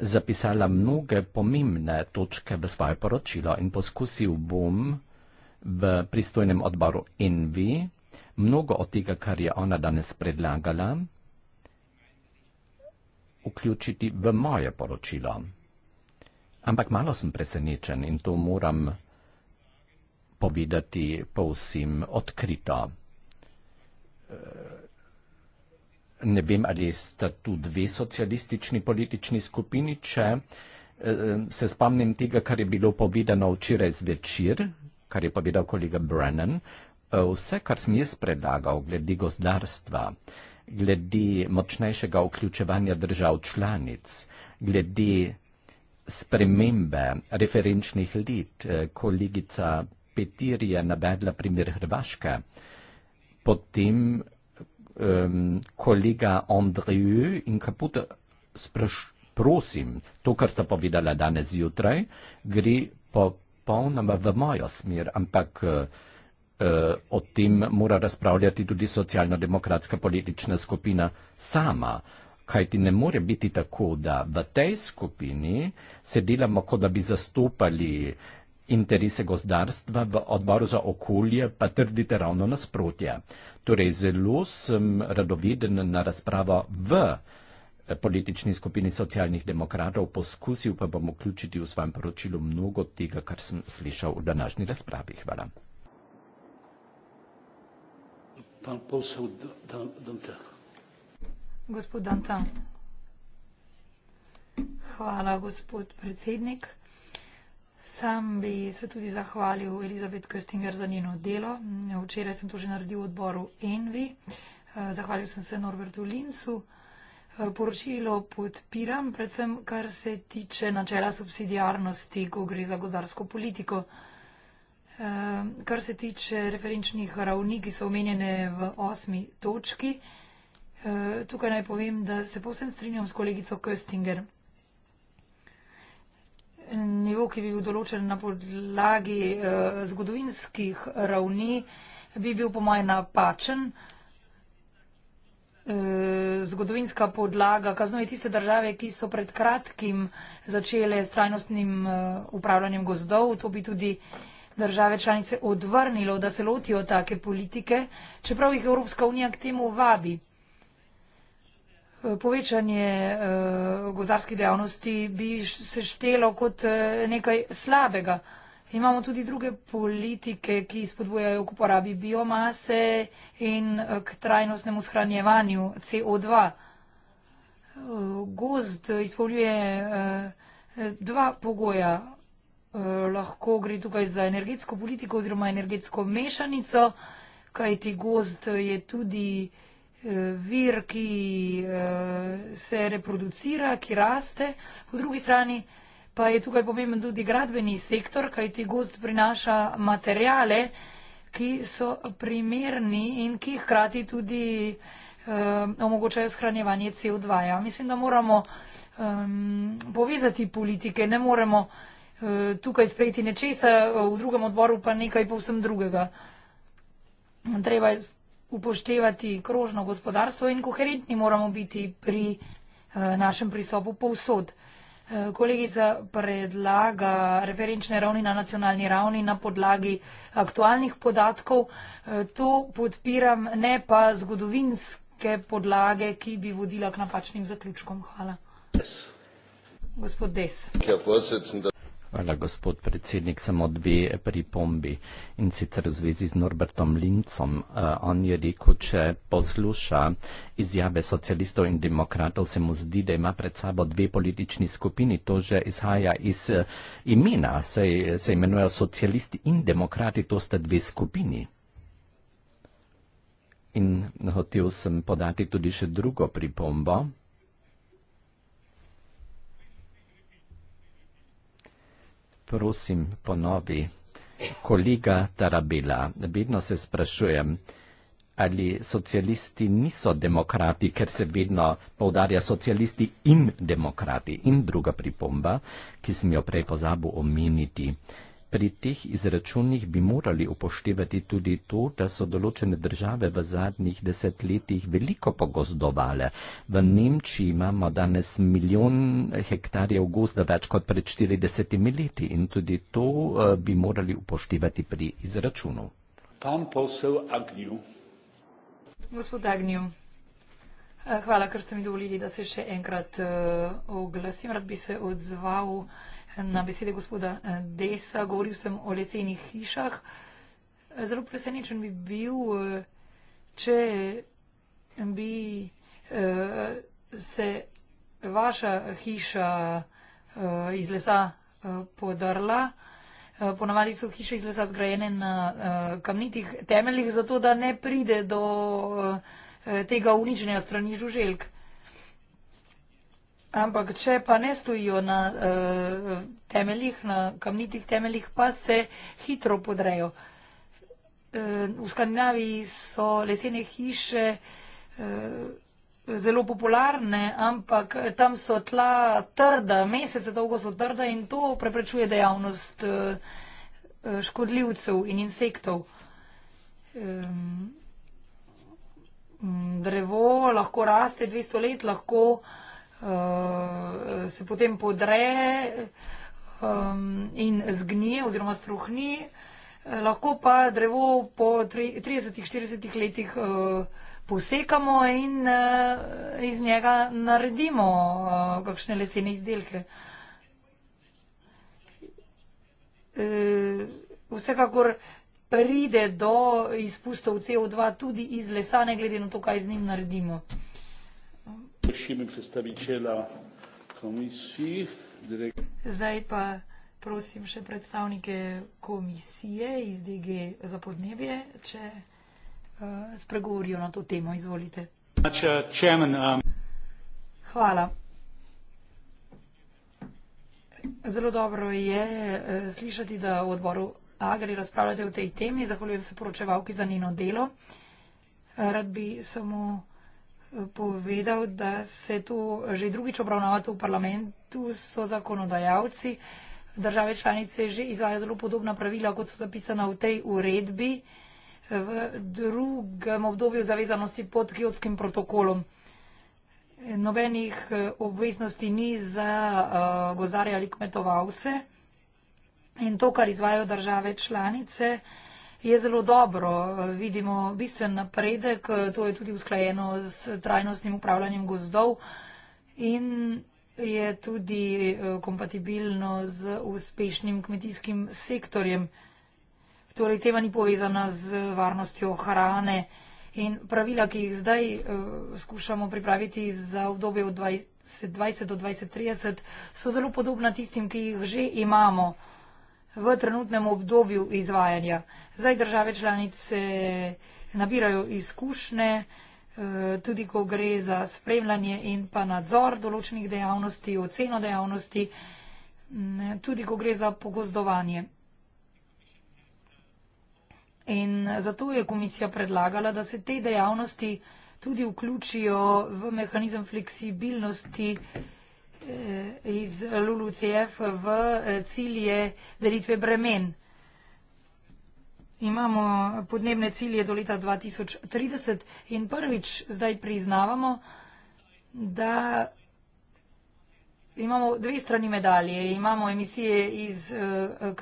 zapisala mnoge pomembne točke v svoje poročilo in poskusil bom v pristojnem odboru Envi mnogo od tega, kar je ona danes predlagala, vključiti v moje poročilo. Ampak malo sem presenečen in to moram povedati povsem odkrito. Eh, ne vem, ali sta tu dve socialistični politični skupini, če eh, se spomnim tega, kar je bilo povedano včeraj zvečer, kar je povedal kolega Brennan. Eh, vse, kar sem jaz predlagal glede gozdarstva, glede močnejšega vključevanja držav članic, glede spremembe referenčnih lit. Eh, kolegica Petir je navedla primer Hrvaške, potem um, kolega Andreju in kaput sprašujem, to, kar sta povedala danes zjutraj, gre popolnoma v mojo smer, ampak uh, Eh, o tem mora razpravljati tudi socialno-demokratska politična skupina sama. Kaj ti ne more biti tako, da v tej skupini se delamo, kot da bi zastopali interese gozdarstva v odboru za okolje, pa trdite ravno nasprotje. Torej, zelo sem radoveden na razpravo v eh, politični skupini socialnih demokratov, poskusil pa bom vključiti v svojem poročilu mnogo tega, kar sem slišal v današnji razpravi. Hvala.
Pan poseł Dantin.
Gospod Dantin. Hvala, gospod predsednik. Sam bi se tudi zahvalil Elizabet Köstinger za njeno delo. Včeraj sem to že naredil v odboru Envi. Zahvalil sem se Norbertu Lincu. Poročilo podpiram, predvsem kar se tiče načela subsidiarnosti, ko gre za gozdarsko politiko. Ehm, kar se tiče referenčnih ravni, ki so omenjene v osmi točki, eh, tukaj naj povem, da se povsem strinjam s kolegico Köstinger. Nivo, ki bi bil določen na podlagi eh, zgodovinskih ravni, bi bil po mojem napačen. Eh, zgodovinska podlaga kaznuje tiste države, ki so pred kratkim začele s trajnostnim upravljanjem gozdov. To bi tudi države članice odvrnilo, da se lotijo take politike, čeprav jih Evropska unija k temu vabi. Povečanje uh, eh, gozdarskih dejavnosti bi se štelo kot uh, nekaj slabega. Imamo tudi druge politike, ki spodbujajo k uporabi biomase in eh, k trajnostnemu shranjevanju CO2. Gozd izpolnjuje dva pogoja, Eh, lahko gre tukaj za energetsko politiko oziroma energetsko mešanico, kajti gozd je tudi eh, vir, ki eh, se reproducira, ki raste. Po drugi strani pa je tukaj pomemben tudi gradbeni sektor, kajti gozd prinaša materijale, ki so primerni in ki hkrati tudi omogočajo shranjevanje CO2. Ja, mislim, da moramo ehm, povezati politike, ne moremo Eh, tukaj sprejeti nečesa, eh, v drugem odboru pa nekaj povsem drugega. Treba je upoštevati krožno gospodarstvo in koherentni moramo biti pri eh, našem pristopu povsod. Kolegica predlaga referenčne ravni na nacionalni ravni na podlagi aktualnih podatkov. To podpiram ne pa zgodovinske podlage, ki bi vodila k napačnim zaključkom. Hvala. Gospod Des.
Hvala, gospod predsednik. Samo dve pripombi in sicer v zvezi z Norbertom Lincom. Uh, on je rekel, če posluša izjave socialistov in demokratov, se mu zdi, da ima pred sabo dve politični skupini. To že izhaja iz uh, imena, se, eh, se imenujejo socialisti in demokrati, to sta dve skupini. In hotel sem podati tudi še drugo pripombo. prosim, ponovi. Kolega Tarabila, vedno se sprašujem, ali socialisti niso demokrati, ker se vedno povdarja socialisti in demokrati. In druga pripomba, ki sem jo prej pozabil omeniti. Pri teh izračunih bi morali upoštevati tudi to, da so določene države v zadnjih desetletjih veliko pogozdovale. V Nemčiji imamo danes milijon hektarjev gozda več kot pred 40 leti in tudi to eh, bi morali upoštevati pri izračunu.
Pan posel Agnju.
Gospod Agnju, eh, hvala, ker ste mi dovolili, da se še enkrat uh, oglasim. Rad bi se odzval na besede gospoda eh, Desa, govoril sem o lesenih hišah. Zelo presenečen bi bil, eh, če bi eh, se vaša hiša iz lesa podrla. Ponavadi so hiše iz lesa zgrajene na kamnitih temeljih, zato da ne pride do tega uničenja strani žuželk. Ampak, če pa ne stojijo na uh, temeljih, na kamnitih temeljih, pa se hitro podrejo. Uh, v Skandinaviji so lesene hiše uh, zelo popularne, ampak tam so tla trda, mesece dolgo so trda in to preprečuje dejavnost uh, škodljivcev in insektov. Um, drevo lahko raste 200 let, lahko uh, se potem podre um, in zgnije oziroma struhni, eh, lahko pa drevo po 30-40 letih uh, posekamo in uh, iz njega naredimo uh, kakšne lesene izdelke. Uh, vsekakor pride do izpustov CO2 tudi iz lesa, ne glede na to, kaj z njim naredimo
prosimy przedstawiciela komisji.
Zdaj pa prosim še predstavnike komisije iz DG za podnebje, če uh, spregovorijo na to temo. Izvolite.
Um-
Hvala. Zelo dobro je e, slišati, da v odboru Agri razpravljate o tej temi. Zahvaljujem se poročevalki za njeno delo. Rad bi samo. Uh, povedal, da se to že drugič obravnava v parlamentu, so zakonodajalci. Države članice že izvajo zelo podobna pravila, kot so zapisana v tej uredbi v drugem obdobju zavezanosti pod kjotskim protokolom. Nobenih eh, obveznosti ni za uh, eh, gozdare ali kmetovalce. In to, kar izvajo države članice, uh, je zelo dobro. Vidimo bistven napredek, to je tudi usklajeno s trajnostnim upravljanjem gozdov in je tudi eh, kompatibilno z uspešnim kmetijskim sektorjem. Torej, tema ni povezana z varnostjo hrane in pravila, ki jih zdaj uh, skušamo pripraviti za obdobje od 2020 do 2030, so zelo podobna tistim, ki jih že imamo. Uh, v trenutnem obdobju izvajanja. Zdaj države članice nabirajo izkušnje, eh, tudi ko gre za spremljanje in pa nadzor določenih dejavnosti, oceno dejavnosti, tudi ko gre za pogozdovanje. In zato je komisija predlagala, da se te dejavnosti tudi vključijo v mehanizem fleksibilnosti iz LULUCF v eh, cilje delitve bremen. Imamo podnebne cilje do leta 2030 in prvič zdaj priznavamo, da imamo dve strani medalje. Imamo emisije iz eh,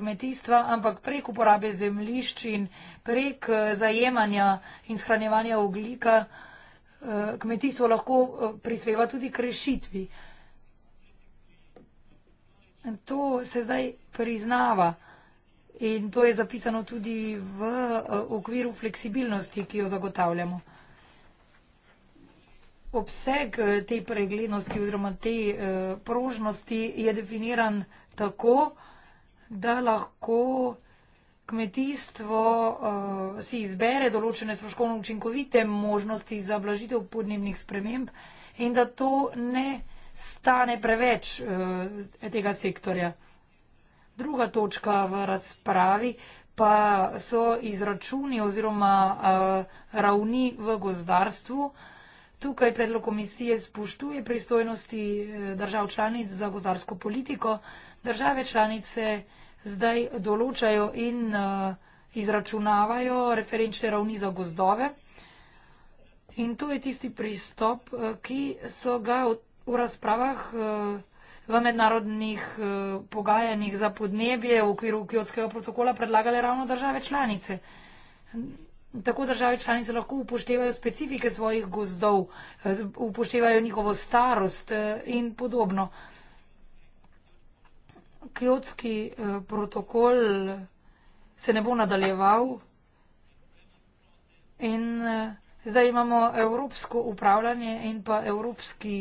kmetijstva, ampak prek uporabe zemlišč in prek eh, zajemanja in shranjevanja oglika kmetijstvo lahko prispeva tudi k rešitvi. To se zdaj priznava in to je zapisano tudi v eh, okviru fleksibilnosti, ki jo zagotavljamo. Obseg eh, te preglednosti oziroma te eh, prožnosti je definiran tako, da lahko kmetijstvo si izbere določene stroškovno učinkovite možnosti za blažitev podnebnih sprememb in da to ne vsega stane preveč eh, tega sektorja. Druga točka v razpravi pa so izračuni oziroma eh, ravni v gozdarstvu. Tukaj predlog komisije spoštuje pristojnosti eh, držav članic za gozdarsko politiko. Države članice zdaj določajo in eh, izračunavajo referenčne ravni za gozdove. In to je tisti pristop, eh, ki so ga v razpravah eh, v mednarodnih eh, pogajanjih za podnebje v okviru Kjotskega protokola predlagale ravno države članice. Tako države članice lahko upoštevajo specifike svojih gozdov, eh, upoštevajo njihovo starost in podobno. Kjotski protokol se ne bo nadaljeval in Zdaj imamo evropsko upravljanje in pa evropski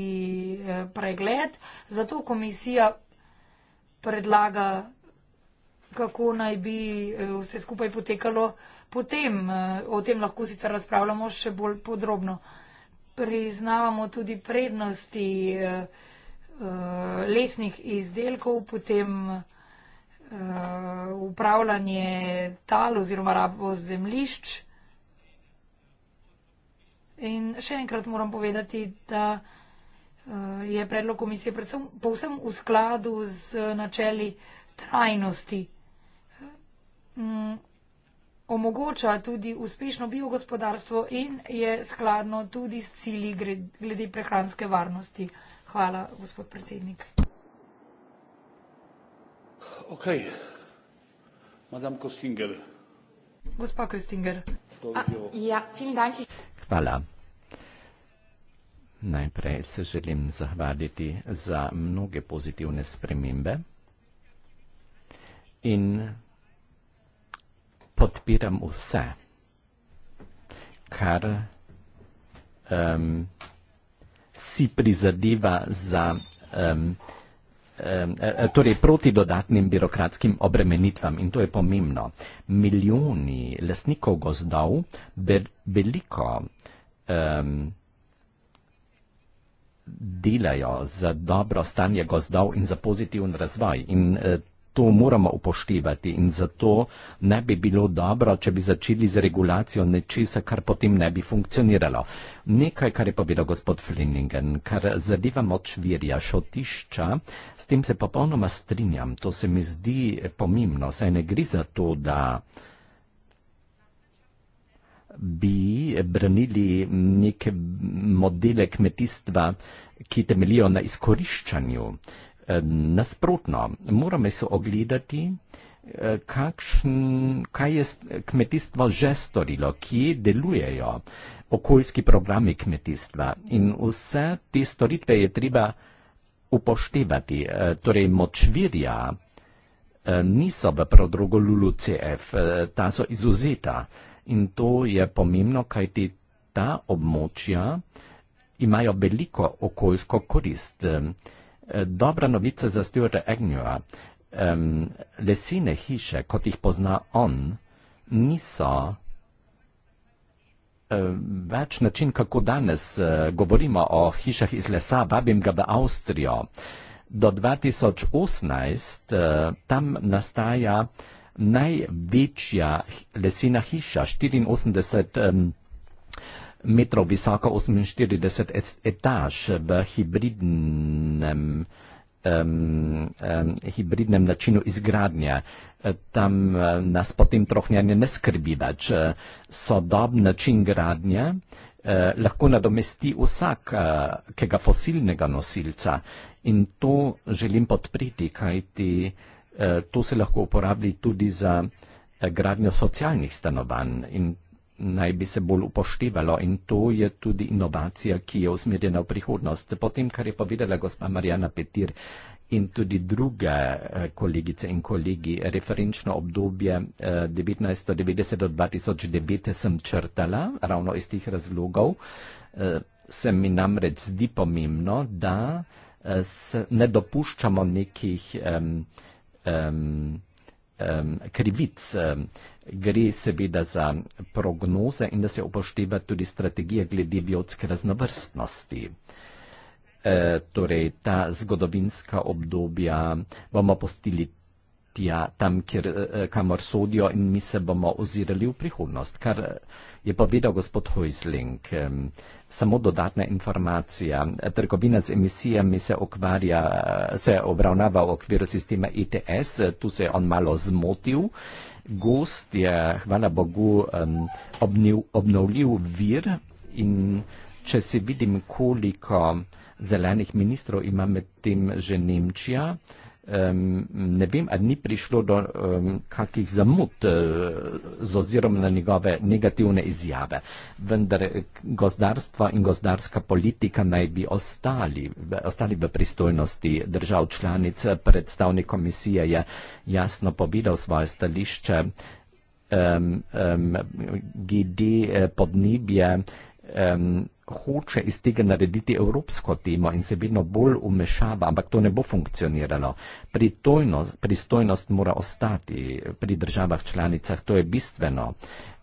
eh, pregled, zato komisija predlaga, kako naj bi eh, vse skupaj potekalo potem. Eh, o tem lahko sicer razpravljamo še bolj podrobno. Priznavamo tudi prednosti lesnih izdelkov, potem upravljanje tal oziroma rabo zemlišč. In še enkrat moram povedati, da eh, je predlog komisije predvsem povsem v skladu z načeli trajnosti. Mm, omogoča tudi uspešno biogospodarstvo in je skladno tudi s cili glede prehranske varnosti. Hvala, gospod predsednik.
Ok, madam Kostinger.
Gospa Kostinger. Slovenijo. Ja, vielen Dank.
Hvala. Najprej se želim zahvaliti za mnoge pozitivne spremembe in podpiram vse, kar um, si prizadeva za um, E, e, torej proti dodatnim birokratskim obremenitvam in to je pomembno. Milijoni lesnikov gozdov ber, veliko um, delajo za dobro stanje gozdov in za pozitiven razvoj in uh, to moramo upoštevati in zato ne bi bilo dobro, če bi začeli z regulacijo nečesa, kar potem ne bi funkcioniralo. Nekaj, kar je povedal gospod Flinningen, kar zadeva moč virja šotišča, s tem se popolnoma strinjam. To se mi zdi pomembno, saj ne gre za to, da bi branili neke modele kmetijstva, ki temelijo na izkoriščanju nasprotno, moramo se ogledati, eh, kakšen, kaj je kmetijstvo že storilo, kje delujejo okoljski programi kmetijstva in vse te storitve je treba upoštevati. Eh, torej, močvirja eh, niso v prodrogolulu CF, ta so izuzeta in to je pomembno, kaj ti ta območja imajo veliko okoljsko koristo dobra novica za Stuarta Agnewa. Um, lesine hiše, kot jih pozna on, niso uh, več način, kako danes uh, govorimo o hišah iz lesa, vabim ga v Avstrijo. Do 2018 uh, e, tam nastaja največja lesina hiša, 84 um, Metro visoka 48 etaž v hibridnem, um, um, hibridnem načinu izgradnje. Tam nas potem trohnjanje ne skrbi več. Sodoben način gradnje eh, lahko nadomesti vsakega eh, fosilnega nosilca in to želim podpreti, kajti eh, to se lahko uporabi tudi za eh, gradnjo socialnih stanovanj in naj bi se bolj upoštevalo in to je tudi inovacija, ki je usmerjena v prihodnost. Potem, kar je povedala gospa Marjana Petir in tudi druge eh, kolegice in kolegi, referenčno obdobje 1990 eh, do 2009 sem črtala ravno iz teh razlogov. Eh, se mi namreč zdi pomembno, da ne dopuščamo nekih. Um, um, um, ehm, krivic. Um, ehm, gre seveda za prognoze in da se upošteva tudi strategija glede biotske raznovrstnosti. E, torej, ta zgodovinska obdobja bomo postili tja, tam, kjer, eh, eh, kamor sodijo in mi se bomo ozirali v prihodnost. Kar eh, je povedal gospod Hoisling, samo dodatna informacija. Trgovina z emisijami se, okvarja, se obravnava v okviru sistema ETS, tu se je on malo zmotil. Gost je, hvala Bogu, obnil, obnovljiv vir in če si vidim, koliko zelenih ministrov ima med tem že Nemčija, um, ne vem, ali ni prišlo do um, kakih zamud uh, z ozirom na njegove negativne izjave. Vendar e, gozdarstva in gozdarska politika naj bi ostali, ostali v pristojnosti držav članic. Predstavnik komisije je jasno povedal svoje stališče um, um, GD e, podnebje. Um, hoče iz tega narediti evropsko temo in se vedno bolj umešava, ampak to ne bo funkcioniralo. Pritojnost, pristojnost mora ostati pri državah članicah, to je bistveno.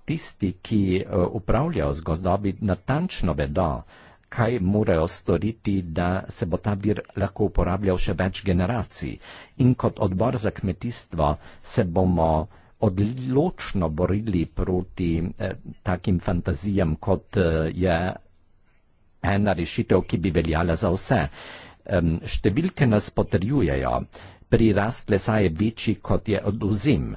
Tisti, ki eh, upravljajo z gozdobi, natančno vedo, kaj morajo storiti, da se bo ta vir lahko uporabljal še več generacij. In kot odbor za kmetijstvo se bomo odločno borili proti eh, takim fantazijam, kot eh, je ena rešitev, ki bi veljala za vse. Um, številke nas potrjujejo, prirast lesa je večji, kot je oduzim.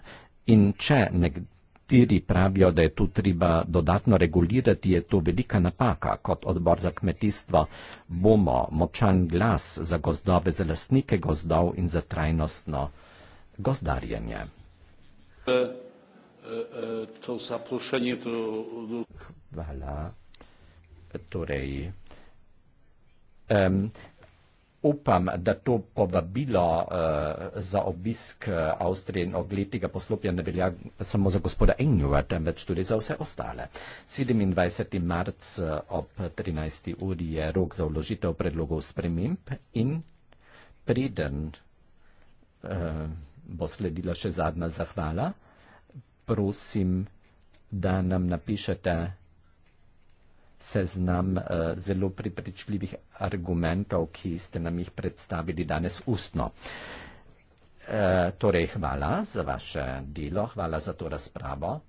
In če nekateri pravijo, da je tu treba dodatno regulirati, je to velika napaka. Kot odbor za kmetijstvo bomo močan glas za gozdove, za lasnike gozdov in za trajnostno gozdarjenje.
E, e, e,
Hvala. Torej, um, upam, da to povabilo uh, za obisk eh, Avstrije in ogled tega poslopja ne velja samo za gospoda Engnjova, temveč tudi za vse ostale. 27. marc eh, ob 13. uri je rok za vložitev predlogov sprememb in preden uh, bo sledila še zadnja zahvala, prosim, da nam napišete seznam uh, zelo pripričljivih argumentov, ki ste nam jih predstavili danes ustno. Uh, torej, hvala za vaše delo, hvala za to razpravo.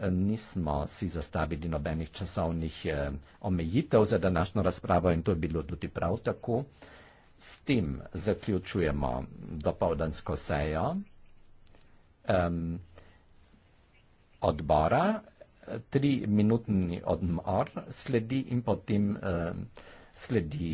Eh, nismo si zastavili nobenih časovnih omejitev za današnjo razpravo in to je bilo tudi prav tako. S tem zaključujemo dopovdansko sejo um, odbora triminutni odmor, sledi in potem uh, sledi uh,